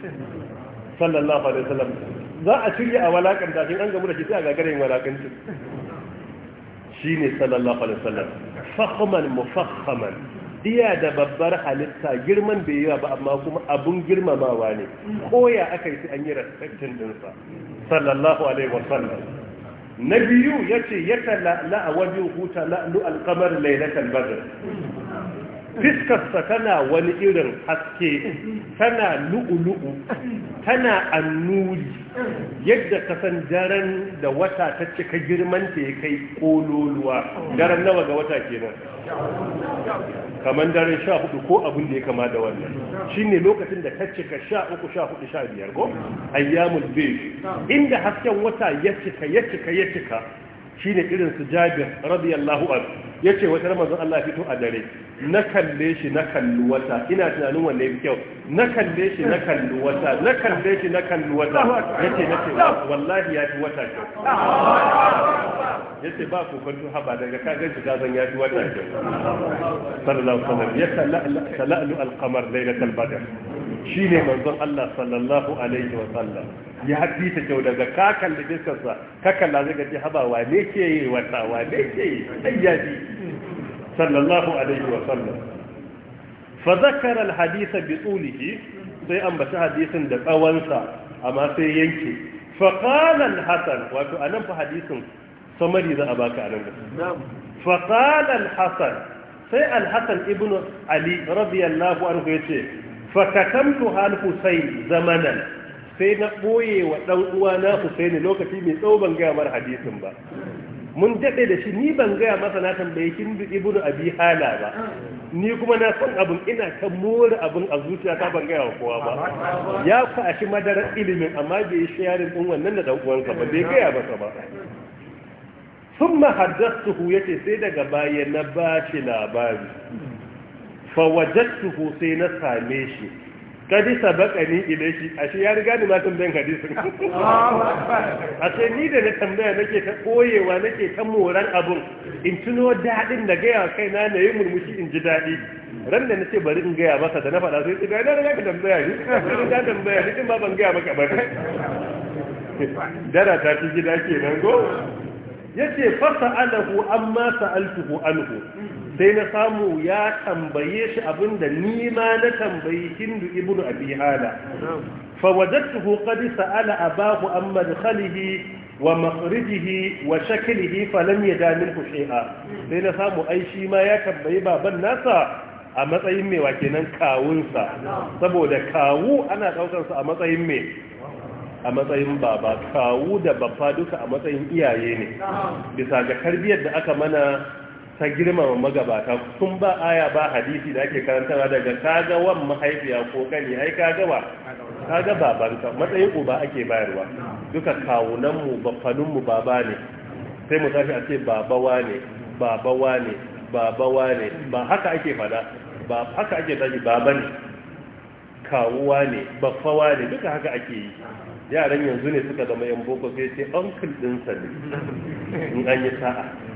sallallahu alaihi wasallam za a shirya a walakanta shi an gamu da shi sai a gagara yin Shi ne, sallallahu alaihi wasallam fakhman mufakhaman diya da babbar halitta girman bai yawa ba amma kuma abun girmamawa ne koya aka yi an yi respectin dinsa sallallahu alaihi wasallam na biyu yace yata la la wajhu huta la lu al qamar laylatal badr fiskarsa tana wani irin haske tana lu'ulu'u tana annuri yadda ka san daren da wata ta cika girman ta ya kai kololuwa daren nawa ga wata kenan kamar daren sha hudu ko abin da ya kama da wannan shine lokacin da ta cika sha uku sha hudu sha biyar ko ayyamul inda hasken wata ya cika ya cika ya cika shine irin su Jabir radiyallahu anhu ce wata manzon Allah fito a dare na kalle shi na kallu wata ina tunanin wanne yafi kyau na kalle shi na kallu wata na kalle shi na kallu wata Ya ce na ce wallahi ya fi wata kyau ce ba ku kwanto haba daga ka ganci da zan yafi wata kyau sallallahu alaihi wasallam ya talalu al-qamar laylatul badr shine manzon Allah sallallahu alaihi wa sallam. ya haɗi ta kyau daga ka kalli fiskarsa ka kalla zai gaji haɓa wa wane ke yi wata wane ke yi ayyabi sallallahu alaihi wa sallam fa zakara alhadisa bi tsulihi sai ambaci hadisin da tsawonsa amma sai yanke fa qala alhasan wato anan fa hadisin samari za a baka anan fa qala alhasan sai alhasan ibnu ali radiyallahu anhu yace fa katamtu hal husayn zamanan sai na ɓoye wa ɗan uwa na Husaini lokaci mai tsawo ban gaya mar hadisin ba mun daɗe da shi ni ban gaya masa na tambaye kin bi ibnu abi hala ba ni kuma na san abin ina ta more abin a zuciya ta ban gaya wa kowa ba ya shi madarar ilimin amma bai yi yarin din wannan da dan uwansa ba bai gaya masa ba ثم حدثته yace sai daga baya na ba shi labari Fa fawajattuhu sai na same shi kadi sabaka ni A ashe ya riga ni ma tambayan hadisin ashe ni da na tambaya nake ta koyewa nake ta moran abun in tuno dadin da gaya kai na na yi murmushi in ji dadi ran da nace bari in gaya masa da na faɗa sai tsira na riga ka tambaya ni ka tambaya ni ba ban gaya maka ba dara ta ci gida kenan go yace fasa alahu amma sa'altuhu anhu sai na samu ya tambaye shi abinda ni ma na tambayi hindu ibnu abi hala fa wajadtuhu qad sa'ala abahu an madkhalihi wa makhrijihi wa shaklihi fa lam yada minhu shay'a sai na samu ai shi ma ya tambayi baban nasa a matsayin mai wa kenan kawunsa saboda kawu ana daukar sa a matsayin a matsayin baba kawu da Baffa duka a matsayin iyaye ne bisa ga karbiyar da aka mana ta girmama magabata sun ba aya ba hadisi da ake karantawa daga kaga wan mahaifiya ko kani ai kaga ba kaga babanka matsayin uba ake bayarwa duka kawunan mu, kawunanmu mu baba ne sai mu tafi a ce babawa ne babawa ne babawa ne ba haka ake fada ba haka ake tafi baba ne kawuwa ne bafawa ne duka haka ake yi yaran yanzu ne suka zama yan boko sai ce uncle sa ne in an yi sa'a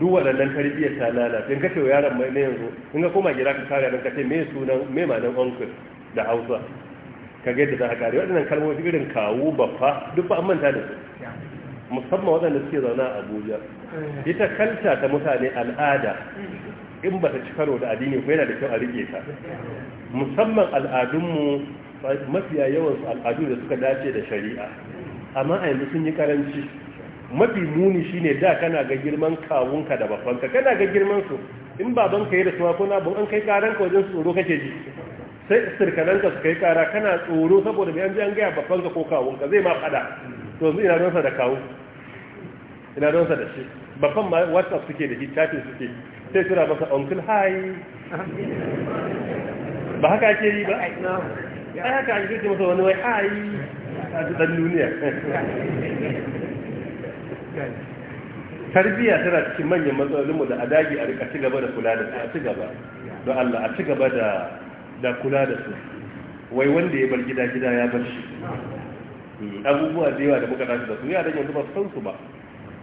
duk waɗannan tarbiyyar ta lalata in kace yaron mai na yanzu in ka koma gida ka kare ka ce me sunan me ma'anar uncle da hausa ka ga yadda za ka kare waɗannan kalmomi irin kawo baffa duk ba manta da su musamman waɗanda suke zaune a abuja ita kalta ta mutane al'ada in ba ta ci karo da addini ko yana da kyau a rike ta musamman al'adunmu mafiya yawan al'adu da suka dace da shari'a amma a yanzu sun yi karanci mafi muni shine da kana ga girman kawunka da babbanka kana ga girman su in babanka da suwa ko na bu an kai ka wajen tsoro kake ji sai sirkananka su kai kara kana tsoro saboda bayan an ji an gaya babbanka ko kawunka zai ma fada to yanzu ina sa da kawu ina don sa da shi babban ma whatsapp suke da hitafin suke sai tura masa uncle hi ba haka ake yi ba ai haka an yi masa wani wai hi a duniya tarbiya tana cikin manyan matsalolinmu da adagi a rika ci gaba da kula da su a ci gaba don Allah a ci gaba da da kula da su wai wanda ya bar gida gida ya bar shi eh, abubuwa da yawa da muka tashi da su yaran yanzu ba su san su ba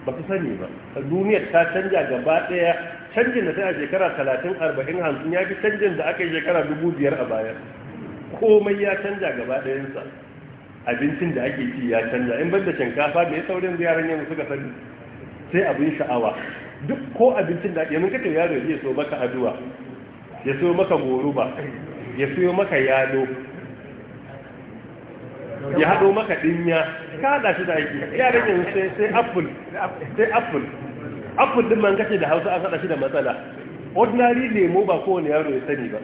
ba su sani ba duniyar ta canja gaba daya canjin da ta a shekara talatin arba'in hamsin ya fi canjin da aka yi shekara dubu biyar a baya komai ya canja gaba dayansa abincin da ake ci ya canza in banda shinkafa da ya saurin yaran yanzu suka sani sai abin sha'awa duk ko abincin da yanzu kace yaro ya so maka aduwa ya so maka goruba ya so maka yalo ya haɗo maka ɗinya ka haɗa shi da aiki yaran yanzu sai sai apple sai apple apple din man kace da Hausa an haɗa shi da matsala ordinary lemo ba kowane yaro ya sani ba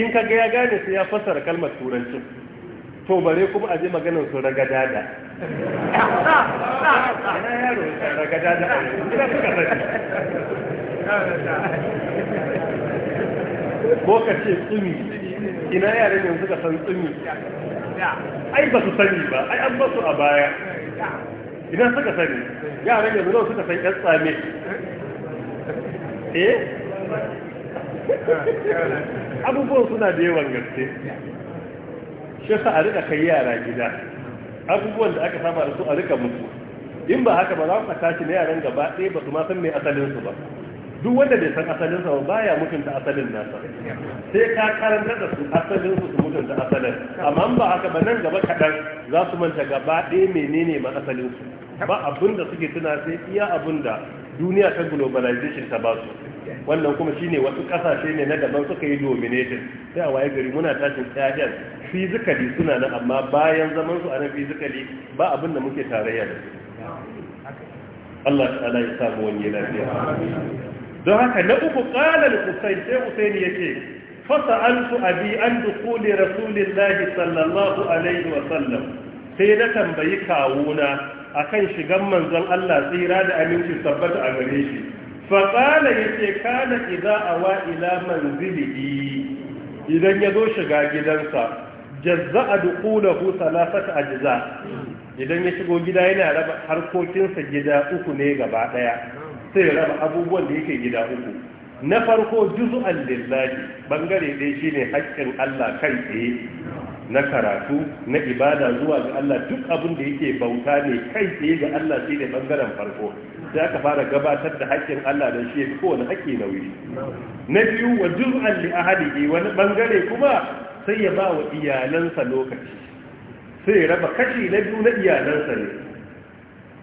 in ka ga ya gane sai ya fassara kalmar turancin to bare kuma a je maganar su ragada da ina ina ko ka ce tsumi ina yare ne suka san tsumi ai ba su sani ba ai an basu a baya ina suka sani yaran yanzu nawa suka san yatsa tsame eh abubuwan suna da yawan gaske shi sa a rika kai yara gida abubuwan da aka saba da su a rika musu in ba haka ba za ku tashi na yaran gaba ɗaya ba su ma san me asalin su ba duk wanda bai san asalin sa ba baya mutunta asalin nasa sai ka karanta da su asalin su su mutunta asalin amma ba haka ba nan gaba kaɗan za su manta gaba ɗaya menene ma asalin su ba abin da suke tuna sai iya abin da duniya ta globalization ta ba su wannan kuma shine wasu kasashe ne na daban suka yi dominating sai a waye gari muna tashin tsayen physically suna nan amma bayan zaman su a nan physically ba abin da muke tarayya da su Allah ta'ala ya samu wani lafiya don haka na uku qalan Husayn sai Husayn yake fa sa'altu abi an dukhuli rasulillahi sallallahu alaihi wa sallam sai na tambayi kawuna kan shigan manzon Allah tsira da aminci sabbata a gare shi faƙala ya ce kana a awa ila manzilihi idan ya zo shiga gidansa jazza'a duqulahu a jiza idan ya shigo gida yana raba harkokinsa gida uku ne gaba ɗaya, sai ya raba abubuwan da yake gida uku na farko juzu'an lillahi bangare ɗaya shine haƙƙin Allah kan tsaye na karatu na ibada zuwa ga Allah duk abin da yake bauta ne kai tsaye ga Allah sai da bangaren farko sai aka fara gabatar da haƙƙin Allah da shi kowane haƙƙi nauyi na biyu wa juz'an li ahadihi wani bangare kuma sai ya ba wa iyalansa lokaci sai raba kashi na biyu na iyalansa ne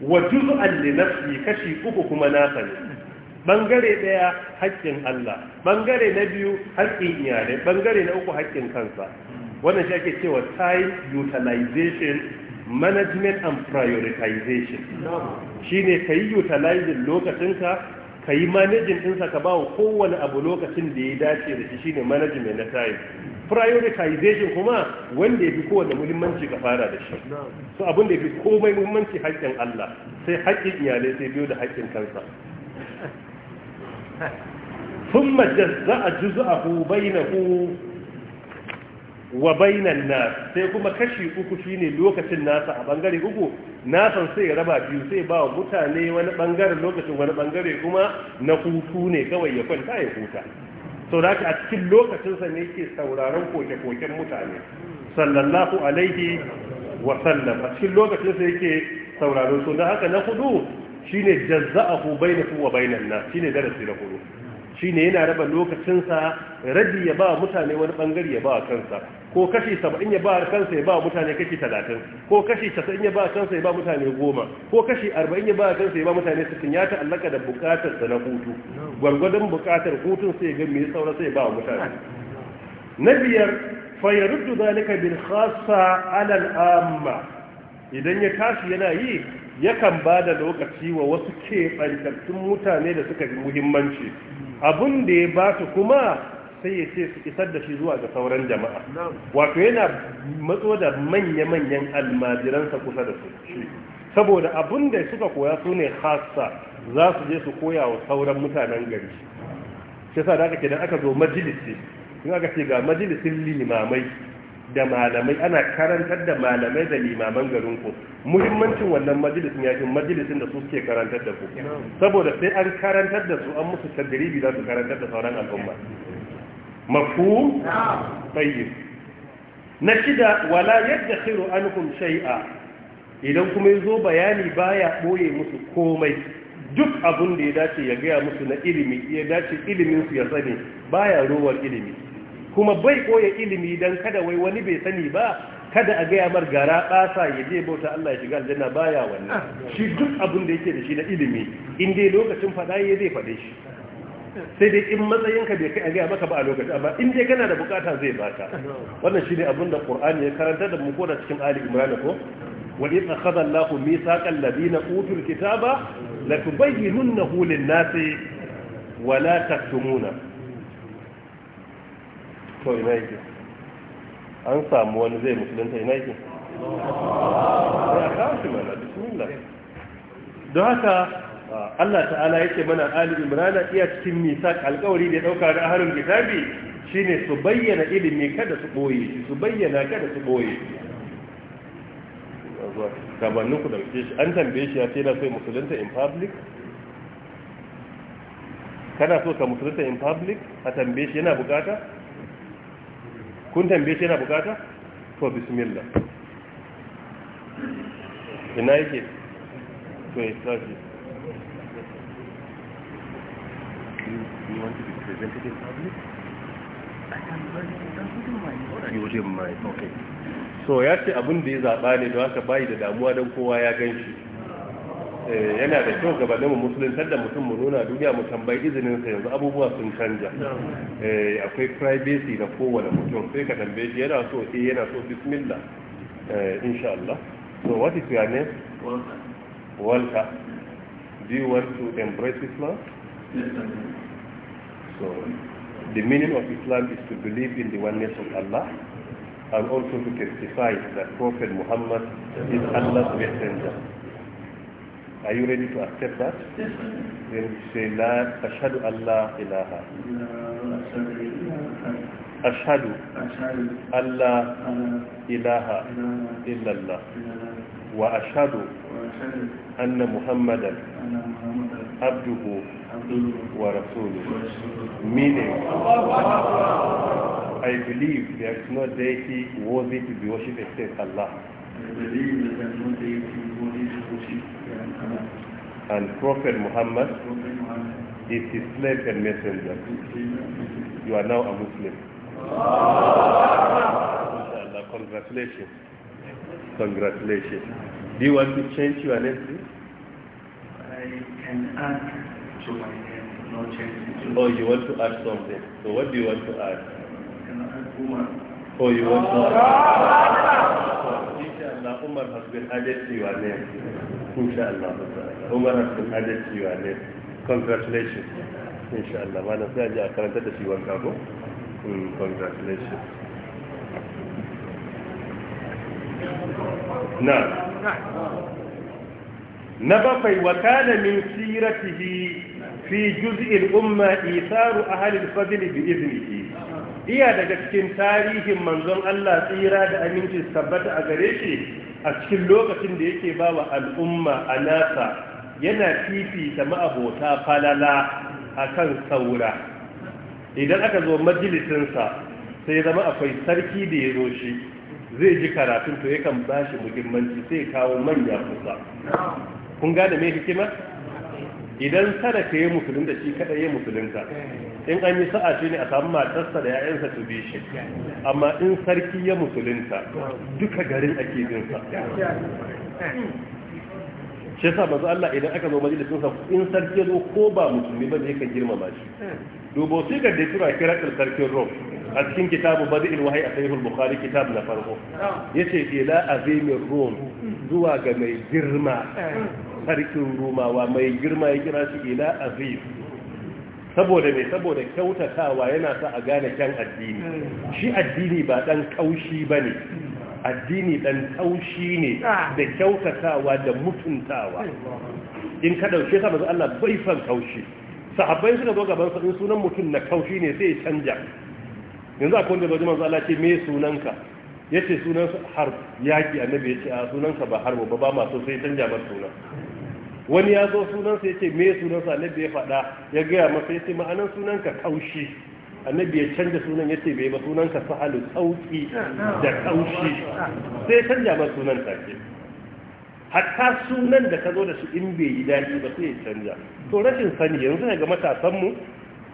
wa juz'an li nafsi kashi uku kuma nasa ne bangare daya haƙƙin Allah bangare na biyu haƙƙin iyalai bangare na uku haƙƙin kansa wannan shi ake cewa time utilization management and prioritization shine ka yi utilizing lokacinka ka yi managing ɗinsa ka ba wa kowane abu lokacin da ya dace da shi shine management na time prioritization kuma wanda ya fi kowane muhimmanci ka fara da shi so abin da ya fi komai muhimmanci haƙƙin Allah sai haƙƙin iyalai sai biyu da haƙƙin kansa sun za a juzu'ahu bainahu wa bainan nas sai kuma kashi uku shine lokacin nasa a bangare uku nasan sai ya raba biyu sai ba wa mutane wani bangare lokacin wani bangare kuma na hutu ne kawai ya kwanta ya huta Sau da a cikin lokacinsa ne yake sauraron koke-koken mutane sallallahu alaihi wa sallam a cikin lokacinsa yake sauraron su da haka na hudu shine jazza'ahu bainahu wa bainan nas shine darasi na hudu Shi ne yana raba lokacinsa rabi ya ba mutane wani bangare ya ba kansa ko kashi 70 ya ba kansa ya ba mutane kashi 30 ko kashi 90 ya ba kansa ya ba mutane 10 ko kashi 40 ya ba kansa ya ba mutane 60 ya ta'allaka da bukatar sa na hutu gwargwadon bukatar hutun sai ga me saura sai ba mutane na biyar fa yaruddu zalika bil khassa ala al amma idan ya tashi yana yi yakan ba da lokaci wa wasu keɓantattun mutane da suka yi muhimmanci abin da ya ba su kuma sai ya ce su isar da shi zuwa ga sauran jama'a wato yana matso da manya-manyan almajiransa kusa da su saboda abin da suka koya su ne hassa za su je su koya wa sauran mutanen gari shi sa da aka aka zo majalisi in aka ce ga majalisin limamai da malamai ana karantar da malamai da limaman garinku muhimmancin wannan majalisin ya fi majalisin da su suke karantar da ku saboda sai an karantar da su an musu tadribi za su karantar da sauran al'umma mafu tayyib na shida wala yadkhiru ankum shay'a idan kuma yazo bayani baya boye musu komai duk abun da ya dace ya gaya musu na ilimi ya dace ilimin su ya sani baya rowar ilimi kuma bai koya ilimi dan kada wai wani bai sani ba kada a gaya mar gara ɓasa ya je bauta Allah ya shiga aljanna baya wannan shi duk abin da yake da shi na ilimi in dai lokacin faɗa ya zai faɗe shi sai dai in matsayinka bai kai a gaya maka ba a lokacin amma in dai kana da bukata zai baka wannan shi ne abin da ƙur'ani ya karanta da mu ko da cikin ali imran ko wa in akhadha Allahu mithaqal ladina utul kitaba la tubayyinunahu lin-nasi wa la taktumuna to ina an samu wani zai musulunta ina yake ya kawo shi mana bismillah don haka Allah ta'ala yake mana Ali imrana iya cikin misak alkawari da ya dauka da ahlul kitabi shine su bayyana ilimi kada su boye su bayyana kada su boye gabanin ku dauke shi an tambaye shi ya ce na sai musulunta in public kana so ka musulunta in public a tambaye shi yana bukata kun tambaye shi yana bukata to bismillah ina yake to ya tsafi So ya ce abin da ya zaɓa ne don haka bayi da damuwa don kowa ya gan shi. Eh, yana da kyau gabanin mu musuluntar da mutum mu nuna duniya mu tambayi izinin sa yanzu abubuwa sun canja eh, akwai privacy na kowane mutum sai ka tambaye shi yana so eh yana so bismillah eh, insha Allah so what is your name Walter do you want to embrace Islam yes sir. so the meaning of Islam is to believe in the oneness of Allah and also to testify that Prophet Muhammad is Allah's messenger Are you ready to accept that? Yes. Then say, La ashadu Allah ilaha. Ashadu Allah ilaha illallah. Wa ashadu anna Muhammadan abduhu wa rasuluhu. Meaning, I believe there is no deity worthy to be worshipped except Allah. I believe there is no deity and Prophet Muhammad is his slave and messenger. You are now a Muslim. Inshallah, congratulations. Congratulations. Do you want to change your name, please? I can add to my name, no change. Oh, you want to add something. So what do you want to add? I Can I add woman? or you want more? Inshallah, Umar has been added to your name. Inshallah, Umar has been added to your name. Congratulations. Inshallah, why not say I can't tell you one cabo? Congratulations. نعم نعم نبقي وكان من سيرته fi juz'il umma isaru Ahalin, fadl bi iznihi iya daga cikin tarihin manzon Allah tsira da aminci tabbata a gare shi a cikin lokacin da yake bawa al'umma a nasa yana fifita ma'abota falala akan saura idan aka zo majalisinsa sai zama akwai sarki da ya zo shi zai ji karatun to yakan bashi muhimmanci sai kawo manya kusa kun gane me hikima idan yi ya da shi kaɗai ya musulunta in an yi sa'a shi ne a samu matarsa da ya'yansa su bi shi amma in sarki ya musulunta duka garin ake bin sa shi yasa Allah idan aka zo majalisin sa in sarki ya zo ko ba musulmi ba zai kan girmama shi dubo sai ga dai tura kira kal sarkin Rom a cikin kitabu Badil Wahyi a Sahih bukhari kitab na farko yace ila azimir Rom zuwa ga mai girma sarkin rumawa mai girma ya kira shi ila aziz saboda mai saboda kyautatawa yana sa a gane kyan addini shi addini ba dan kaushi ba addini dan kaushi ne da kyautatawa da mutuntawa in ka dauke ta mazu Allah bai kaushi sahabbai suka zo gaban sa in sunan mutum na kaushi ne sai ya canja yanzu akwai wanda zoji manzo Allah ce me sunanka yace sunan har yaki annabi yace a sunanka ba harbo ba ba ma sai canja ba sunan wani ya zo sunansa ya ce me sunansa annabi ya faɗa ya gaya masa ya ce ma'anan sunanka kaushi annabi ya canja sunan ya ce bai ba sunanka sahalu sauki da kaushi sai canja ma sunan take hatta sunan da ka zo da shi in bai yi daɗi ba sai ya canja to rashin sani yanzu daga matasanmu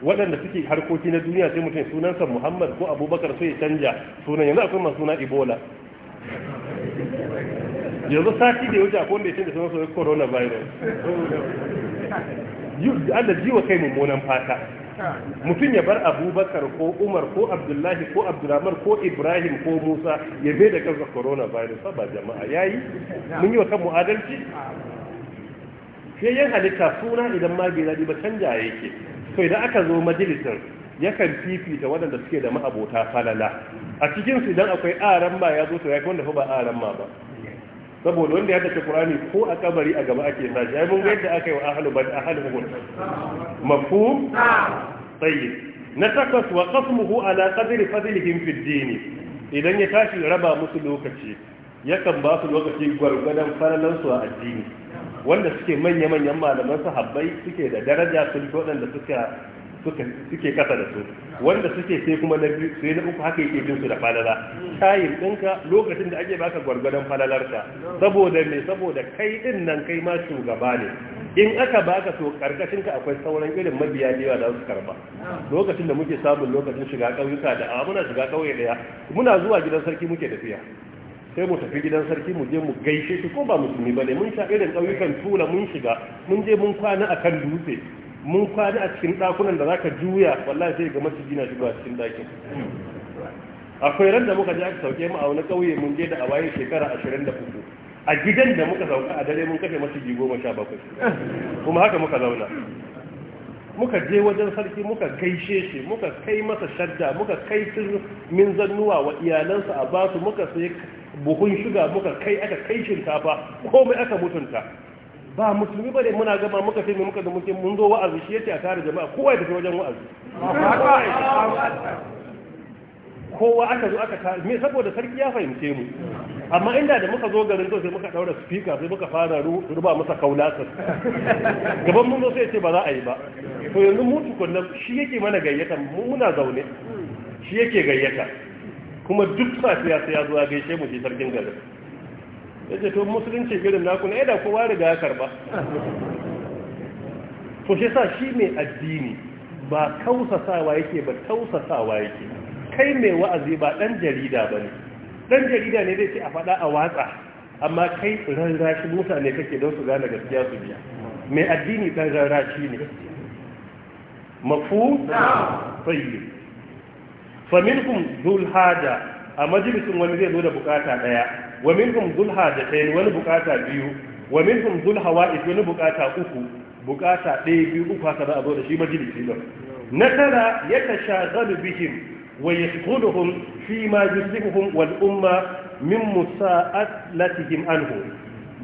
waɗanda suke harkoki na duniya sai mutum sunansa muhammad ko abubakar sai ya canja sunan yanzu akwai masu suna ibola yanzu sati da ya wuce akwai wanda ya canza sunan coronavirus Allah ji wa kai mummunan fata mutum ya bar abubakar ko umar ko abdullahi ko abdulrahman ko ibrahim ko musa ya bai da kansa coronavirus ba jama'a Ya yi mun yi wa kanmu adalci yan halitta suna idan ma bai ba canja yake to idan aka zo majalisar yakan fifita waɗanda suke da ma'abota falala a cikinsu idan akwai aran ma ya zo ta ya wanda fa ba aran ma ba saboda wanda ya tafi Kur'ani ko a kabari a gaba ake sashi ai mun ga yadda aka yi wa ahlu bad ahlu uhud tayyib na takwas wa qasmuhu ala qadri fadlihim fi din idan ya tashi raba musu lokaci yakan ba su lokaci gwargwadon falalan a addini wanda suke manya-manyan malaman sahabbai suke da daraja sun waɗanda suka suke kasa da su wanda suke sai kuma na biyu sai na uku haka yake bin su da falala tayin ɗinka lokacin da ake baka gwargwadon falalarka saboda me saboda kai din nan kai ma shugaba ne in aka baka so karkashin ka akwai sauran irin mabiya da yawa da su karba lokacin da muke samun lokacin shiga ƙauyuka da a muna shiga ƙauye daya muna zuwa gidan sarki muke tafiya sai mu tafi gidan sarki mu je mu gaishe shi ko ba musulmi bane mun sha irin kauyukan tula mun shiga mun je mun kwana akan dutse mun kwadi a cikin ɗakunan da zaka juya wallahi sai ga maciji na shigo a cikin ɗakin akwai ran da muka je aka sauke mu a wani ƙauye mun je da a waye shekara ashirin a gidan da muka sauka a dare mun kashe masjidi 17 kuma haka muka zauna muka je wajen sarki muka gaishe shi muka kai masa shadda muka kai sun min zannuwa wa iyalansa a basu muka sai buhun shuga muka kai aka kai shinkafa komai aka mutunta ba musulmi ba ne muna gama muka sai muka da muke mun zo wa'azi shi yace a tare jama'a kowa ya tafi wajen wa'azi kowa aka zo aka tare me saboda sarki ya fahimce mu amma inda da muka zo garin zo sai muka daura speaker sai muka fara ruba masa kaulatar gaban mun zo sai ce ba za a yi ba to yanzu mu tukunna shi yake mana gayyata mu muna zaune shi yake gayyata kuma duk safiya sai ya zo ya gaishe mu shi sarkin garin ya ce to musulunci irin naku na yadda kowa riga ya karba to shi sa shi mai addini ba kausasawa yake ba tausasawa yake kai mai wa'azi ba ɗan jarida ba ne dan jarida ne zai ce a faɗa a watsa amma kai rarrashi mutane kake don su gane gaskiya su biya mai addini dan rarrashi ne mafu tsayi faminkum zulhaja a majalisun wani zai zo da bukata ɗaya. wa minhum da hajatayn wani bukata biyu wa minhum zul hawa'is wani bukata uku bukata ɗaya biyu uku haka za a zo da shi majalisi ba na tara ya tashagalu bihim wa yashghuluhum fi ma yuslihuhum wal umma min musa'alatihim anhu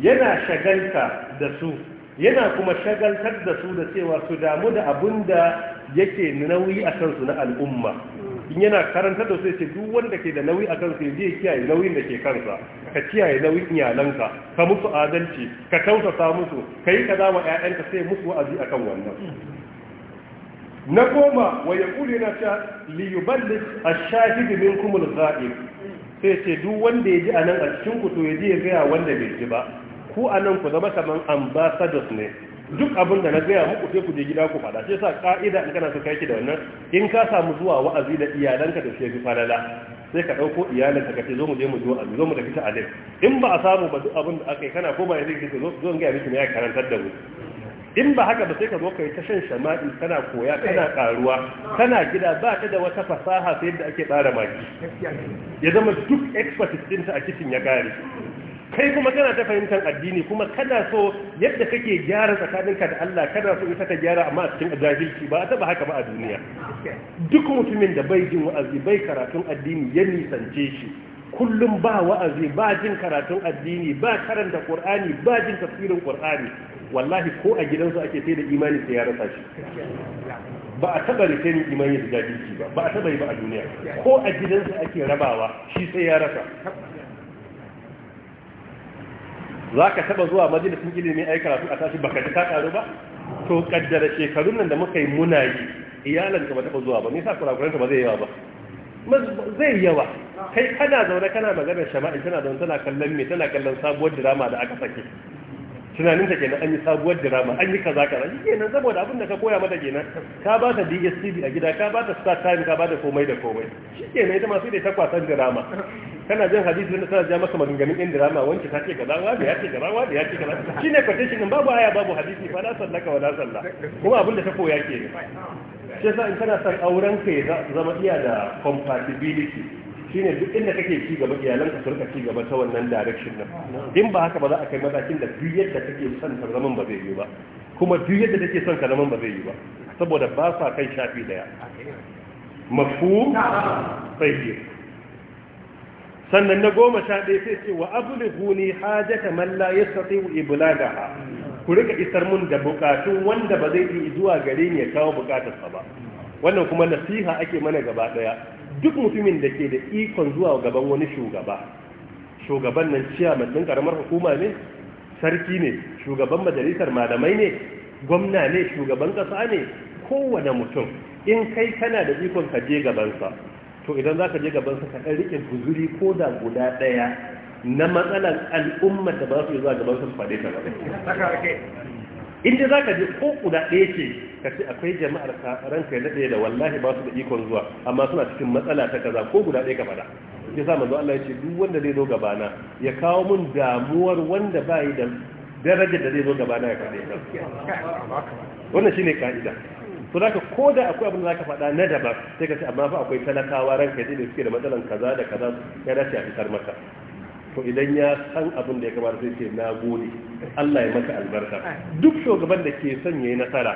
yana shagalta da su yana kuma shagaltar da su da cewa su damu da abinda da yake nauyi a kansu na al'umma in yana karanta da su ce duk wanda ke da nauyi a kansa ya je kiyaye nauyin da ke kansa ka kiyaye nauyin iyalanka ka musu adalci ka tausasa musu ka yi kaza wa ƴaƴanka sai musu wa'azi akan wannan na goma wa yaqulu yana cewa li yuballigh ash-shahid minkum al-ghaib sai ce duk wanda ya ji a nan a cikin ku ya je ya ga wanda bai ji ba ku nan ku zama kaman ambassadors ne duk abin da na gaya muku sai ku je gida ku faɗa sai sa ka'ida in kana so kai ki da wannan in ka samu zuwa wa'azi da iyalanka da sai falala sai ka ɗauko iyalanka ka ce zo mu je mu zo a zo mu da ta alim in ba a samu ba duk abin da aka yi kana ba yanzu ki zo zo ga miki ne ya karantar da mu in ba haka ba sai ka zo kai ta shan shama'i kana koya kana karuwa kana gida ba ta da wata fasaha sai da ake tsara maki ya zama duk expertise ta a kitchen ya kare kai kuma kana ta fahimtar addini kuma kana so yadda kake gyara tsakaninka da Allah kana so isa ka gyara amma a cikin jahilci ba a taba haka ba a duniya duk mutumin da bai jin wa'azi bai karatun addini ya nisance shi kullum ba wa'azi ba jin karatun addini ba karanta qur'ani ba jin tafsirin qur'ani wallahi ko a gidansu ake sai da imani sai ya rasa shi ba a taba rike ni imani da jahilci ba ba a taba yi ba a duniya ko a gidansu ake rabawa shi sai ya rasa za ka taɓa zuwa majalisun ilimi a yi karatu a tashi baka ji ta ba to kaddara shekarun nan da muka yi muna yi iyalan ka ba taɓa zuwa ba nisa kurakuran ba zai yawa ba zai yawa kai kana zaune kana maganar shama'in tana wani tana kallon me tana kallon sabuwar dirama da aka sake tunaninta kenan an yi sabuwar dirama an yi kaza kaza shi kenan saboda abin da ka koya mata kenan ka ba ta DSTV a gida ka ba ta star time ka ba ta komai da komai shi kenan ita masu sai da ta kwasan drama kana jin hadisi da tana ja maka maganganun yan drama wanki ta ce kaza wa da ya ce kaza wa da ya ce kaza shine quotation babu aya babu hadisi fa la sallaka wa la salla kuma abin da ta koya kenan shi yasa in kana son auren ka ya zama iya da compatibility shine duk inda kake ci gaba iyalanka ka rika ci gaba ta wannan direction nan in ba haka ba za a kai matakin da duk yadda kake son ka zaman ba zai yi ba kuma duk yadda kake son ka zaman ba zai yi ba saboda ba sa kai shafi daya mafu tsaye sannan na goma sha ɗaya sai ce wa abulhu ni hajata man la yastati'u iblagaha ku rika isar mun da bukatun wanda ba zai yi zuwa gare ni ya kawo bukatarsa ba wannan kuma nasiha ake mana gaba daya duk mutumin da ke da ikon zuwa gaban wani shugaba shugaban nan ciyaman ɗin ƙaramar hukuma ne sarki ne shugaban majalisar malamai ne gwamna ne shugaban ƙasa ne kowane mutum in kai kana da ikon ka je gabansa to idan za ka je gabansa ka ɗan riƙe guzuri ko da guda ɗaya na matsalar al'ummar da ba su yi zuwa gabansa su faɗe ta gaba inda za ka ji ko guda ɗaya ce ka ce akwai jama'ar ranka ya daɗe da wallahi ba su da ikon zuwa amma suna cikin matsala ta kaza ko guda ɗaya ka faɗa ya sa manzo Allah ya ce duk wanda zai zo gabana ya kawo mun damuwar wanda ba yi da darajar da zai zo gabana ya faɗe wannan shine ka'ida to zaka ko da akwai abin da zaka faɗa na daban sai ka ce amma fa akwai talakawa ranka ya daɗe suke da matsalan kaza da kaza ya dace a fitar maka to idan ya san abin da ya kamata sai ce na gode Allah ya maka albarka duk shugaban da ke son yayi nasara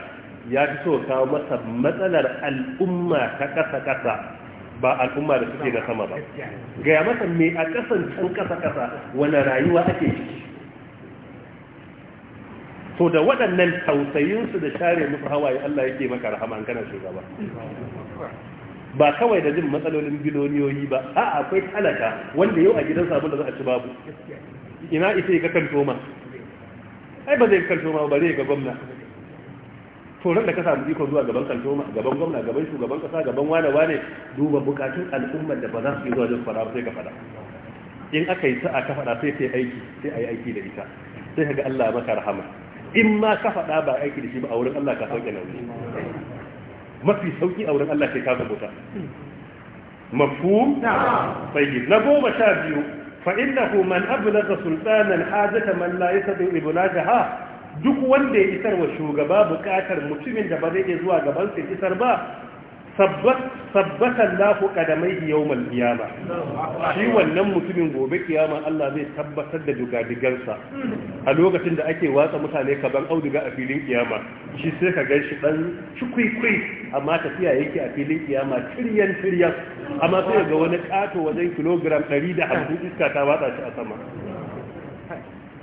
ya fi so kawo masa matsalar al'umma ta kasa kasa ba al'umma da suke na sama ba gaya masa me a kasan can kasa kasa wani rayuwa ake ciki to da waɗannan tausayinsu da share musu hawaye Allah yake maka rahama an kana shugaba ba kawai da jin matsalolin biloniyoyi ba a akwai talaka wanda yau a gidan sabon da za a ci babu ina isa ga kan toma ai ba zai kan toma ba zai ga gwamna to da ka samu iko zuwa gaban kan toma gaban gwamna gaban shugaban kasa gaban wane wane duba bukatun al'ummar da ba za su yi zuwa jin fara sai ka fada in aka yi sa'a ka fada sai sai aiki sai ayi aiki da ita sai ka ga Allah maka rahama in ma ka fada ba aiki da shi ba a wurin Allah ka sauke nauyi mafi sauki a wurin Allah ke ka rubuta mafhum tayyib na goma sha biyu fa innahu man ablaga sultanan hajata man la yasadu ibnataha duk wanda ya isar wa shugaba bukatar mutumin da ba zai iya zuwa gaban sai isar ba sabbatan lafi kadamai yawmal kiyama shi wannan mutumin gobe kiyama Allah zai tabbatar da dugadigarsa a lokacin da ake watsa mutane kaban auduga a filin kiyama shi sai ka gan shi dan shukwikwi amma tafiya yake a filin kiyama kiryan tiryan amma sai ga wani kato wajen kilogram 150 iska ta watsa shi a sama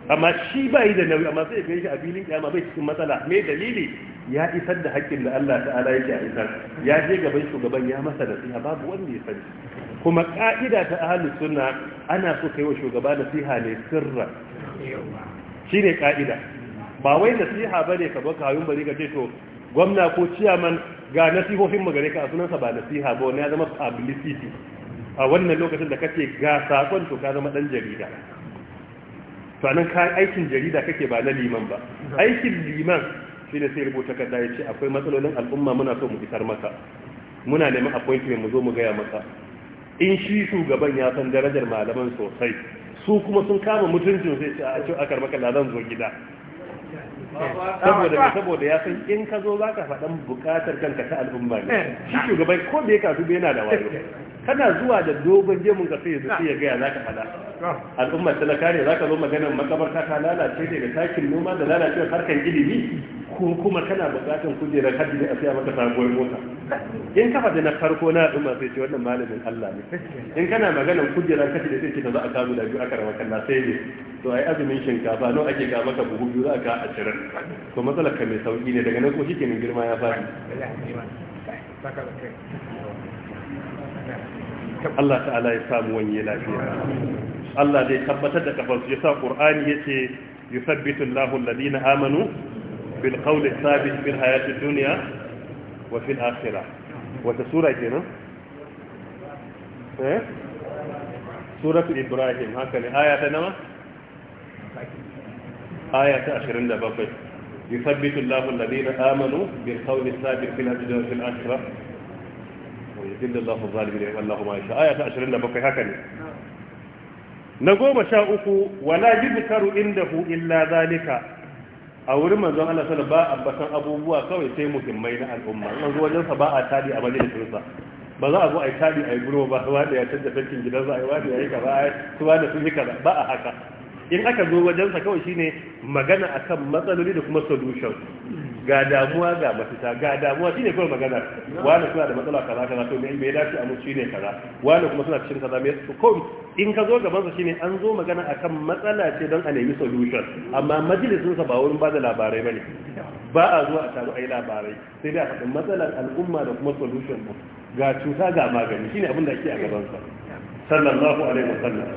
amma shi bai da nauyi amma sai ga shi a filin kiyama bai cikin matsala me dalili ya isar da hakkin da Allah ta'ala yake a isar ya je gaban shugaban ya masa nasiha babu wanda ya sani kuma ka'ida ta ahlus suna ana so kai wa shugaba nasiha ne sirra shine ka'ida ba wai nasiha bane ka ba kawun bari ka ce to gwamna ko ciyaman ga nasihohin mu gare ka sunansa ba nasiha ba wani ya zama publicity a wannan lokacin da kace ga sakon to ka zama dan jarida to anan ka aikin jarida kake ba na liman ba aikin liman shine sai rubuta ka da yace akwai matsalolin al'umma muna so mu isar maka muna neman appointment mu zo mu gaya maka in shi shugaban ya san darajar malaman sosai su kuma sun kama mutuncin sai ce a ce a da zan zo gida saboda saboda ya san in ka zo za ka faɗan buƙatar kanka ta al'umma ne shi shugaban ko da ya kasu yana da wayo kana zuwa da dogon gemun ka sai yanzu ya gaya zaka fada ah. al'umma talaka ne zaka zo maganar makabarta ta lalace da takin noma da lalacewar harkar ilimi ko kuma kana buƙatar kujerar hajji a siya maka sabuwar mota in ka faɗi na farko na al'umma sai ce wannan malamin Allah ne in kana maganar kujerar kashi da sai ce za a kawo da biyu aka rawa kalla sai ne to ai azumin shinkafa nawa ake ga maka buhu biyu za a ka a cirar to matsalar ka mai sauki ne daga nan ko shi kenan girma ya faɗi Allah ta'ala ya samu wanye lafiya Allah zai tabbatar da kafansu ya sa Qur'ani yace yuthabbitu Allahu alladhina amanu bil qawli thabit fil hayati dunya wa fil akhirah wata sura kenan eh suratul ibrahim haka ne aya ta nawa aya ta 27 yuthabbitu Allahu alladhina amanu bil qawli thabit fil hayati dunya wa fil akhirah wa yudillu Allahu haka ne na goma sha uku wala yuzkaru indahu illa zalika a wurin manzon Allah sallallahu ba ambatan abubuwa kawai sai muhimmai na al'umma an zo wajen sa ba a tadi a majalisin sa ba za a zo a yi tadi a yi ba wa da ya gidan za da ya yi su sun yi ba a haka in aka zo wajensa kawai shine magana akan matsaloli da kuma solution ga damuwa ga mafita ga damuwa shine kawai magana wani suna da matsala kaza kaza to me ya dace a mu shine kaza wani kuma suna cikin kaza me su ko in ka zo gaban sa shine an zo magana akan matsala ce don a nemi solution amma majalisin sa ba wurin ba da labarai bane ba a zuwa a taru ai labarai sai dai a faɗi matsalar al'umma da kuma solution ga cuta ga magani shine abin da ake a gaban sa sallallahu alaihi wasallam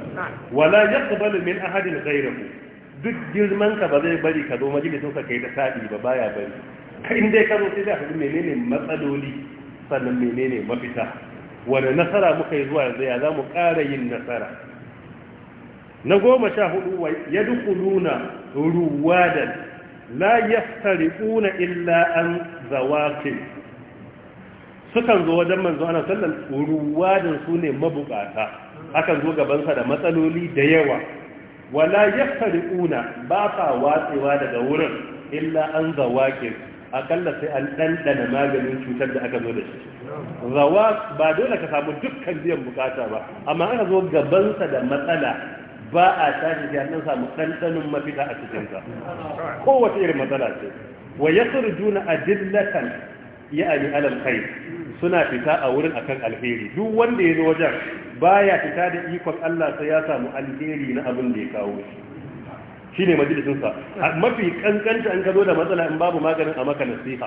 wala yaqbalu min ahadin ghayrihi duk girman ka ba zai bari ka zo majalisin ka kai da sadi ba baya bari kai in dai ka zo sai ka menene matsaloli sannan menene mafita wani nasara muka yi zuwa yanzu ya za mu ƙara yin nasara na goma sha hudu ya dukuluna ruwadan la yaftariquna illa an zawakin sukan zo wajen manzo ana sallan ruwadin su ne mabukata akan zo gabansa da matsaloli da yawa wala yaftariquna ba sa watsewa daga wurin illa an zawake akalla sai an dandana maganin cutar da aka zo da shi zawa ba dole ka samu dukkan biyan bukata ba amma aka zo gabansa da matsala ba a tashi sai an samu dandanin mafita a cikin sa kowace irin matsala ce wa yasrujuna adillatan ya'ani alal khair suna fita a wurin akan alheri duk wanda ya zo wajen baya fita da ikon Allah sai ya samu alheri na abin da ya kawo shi ne majalisinsa mafi kankanta an ka zo da matsala in babu maganin a maka nasiha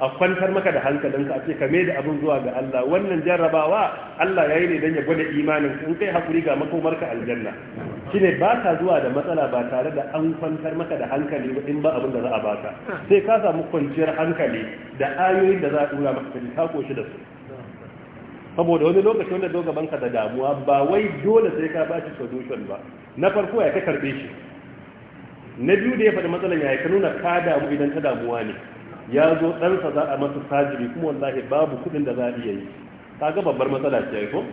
a kwantar maka da hankalinka a ce ka mai da abin zuwa ga Allah wannan jarrabawa Allah ya yi ne don ya gwada imanin in kai hakuri ga makomarka aljanna ne ba ka zuwa da matsala ba tare da an kwantar maka da hankali ba in ba abin da za a baka sai ka samu kwanciyar hankali da ayoyin da za a tura maka ka ka koshi da su saboda wani lokaci wanda zo ka da damuwa ba wai dole sai ka bashi solution ba na farko ya ka karbe shi na biyu da ya faɗi matsalar ya ka nuna ka damu idan ta damuwa ne ya zo ɗansa za a masa sajiri kuma wallahi babu kuɗin da za a iya yi ga babbar matsala ce ko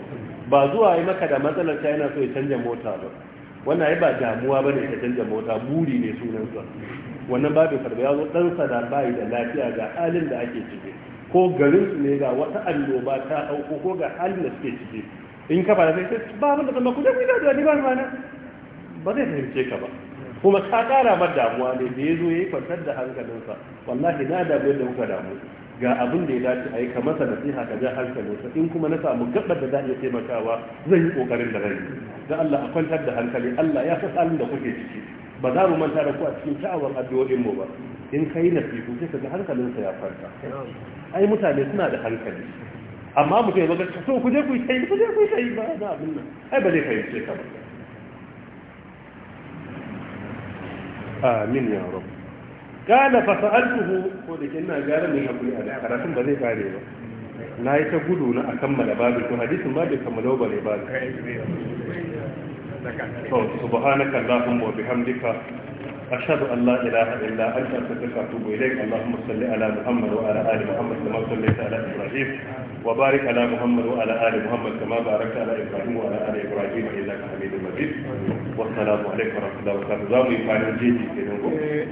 ba zuwa yi maka da matsalar ta yana so ya canja mota ba wannan ai ba damuwa ba ne ka canja mota buri ne sunan sa wannan babu karba ya zo ɗansa da bayi da lafiya ga halin da ake ciki ko garin su ne ga wata annoba ta auko ko ga halin da suke ciki in ka fara sai ba da kuma ku da ku da ni ba ba zai fahimce ka ba kuma ta kara ba damuwa ne da ya zo ya yi kwantar da hankalinsa wallahi na damu yadda kuka damu ga abin da ya dace a yi ka masa nasiha ka ja hankalinsa in kuma na samu gabar da za iya taimakawa zai yi kokarin da rai ga Allah a kwantar da hankali Allah ya fi halin da kuke ciki ba za mu manta da ku a cikin sha'awar addu'o'in mu ba in ka kai nasihu sai ka ga hankalinsa ya farka ai mutane suna da hankali amma mutum ya zo ka so ku je ku yi ku je ku yi ba na abin nan ai ba zai fahimce ka ba amin ya rabu kala fa sa'altuhu ko da ke na gara mai hakuri a karatun ba zai kare ba na yi ta gudu na a kammala babu ko hadisin ma bai kammala ba ne ba to subhanaka allahumma wa bihamdika ashhadu an la ilaha illa anta astaghfiruka wa atubu ilayk allahumma salli ala muhammad wa ala ali muhammad kama sallaita ala ibrahim wa barik ala muhammad wa ala ali muhammad kama barakta ala ibrahim wa ala ali ibrahim innaka hamidum majid wassalamu alaikum warahmatullahi wabarakatuh za mu yi kwanan jeji ke nan ko eh.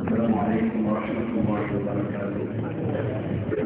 alaikum warahmatullahi wabarakatuh ne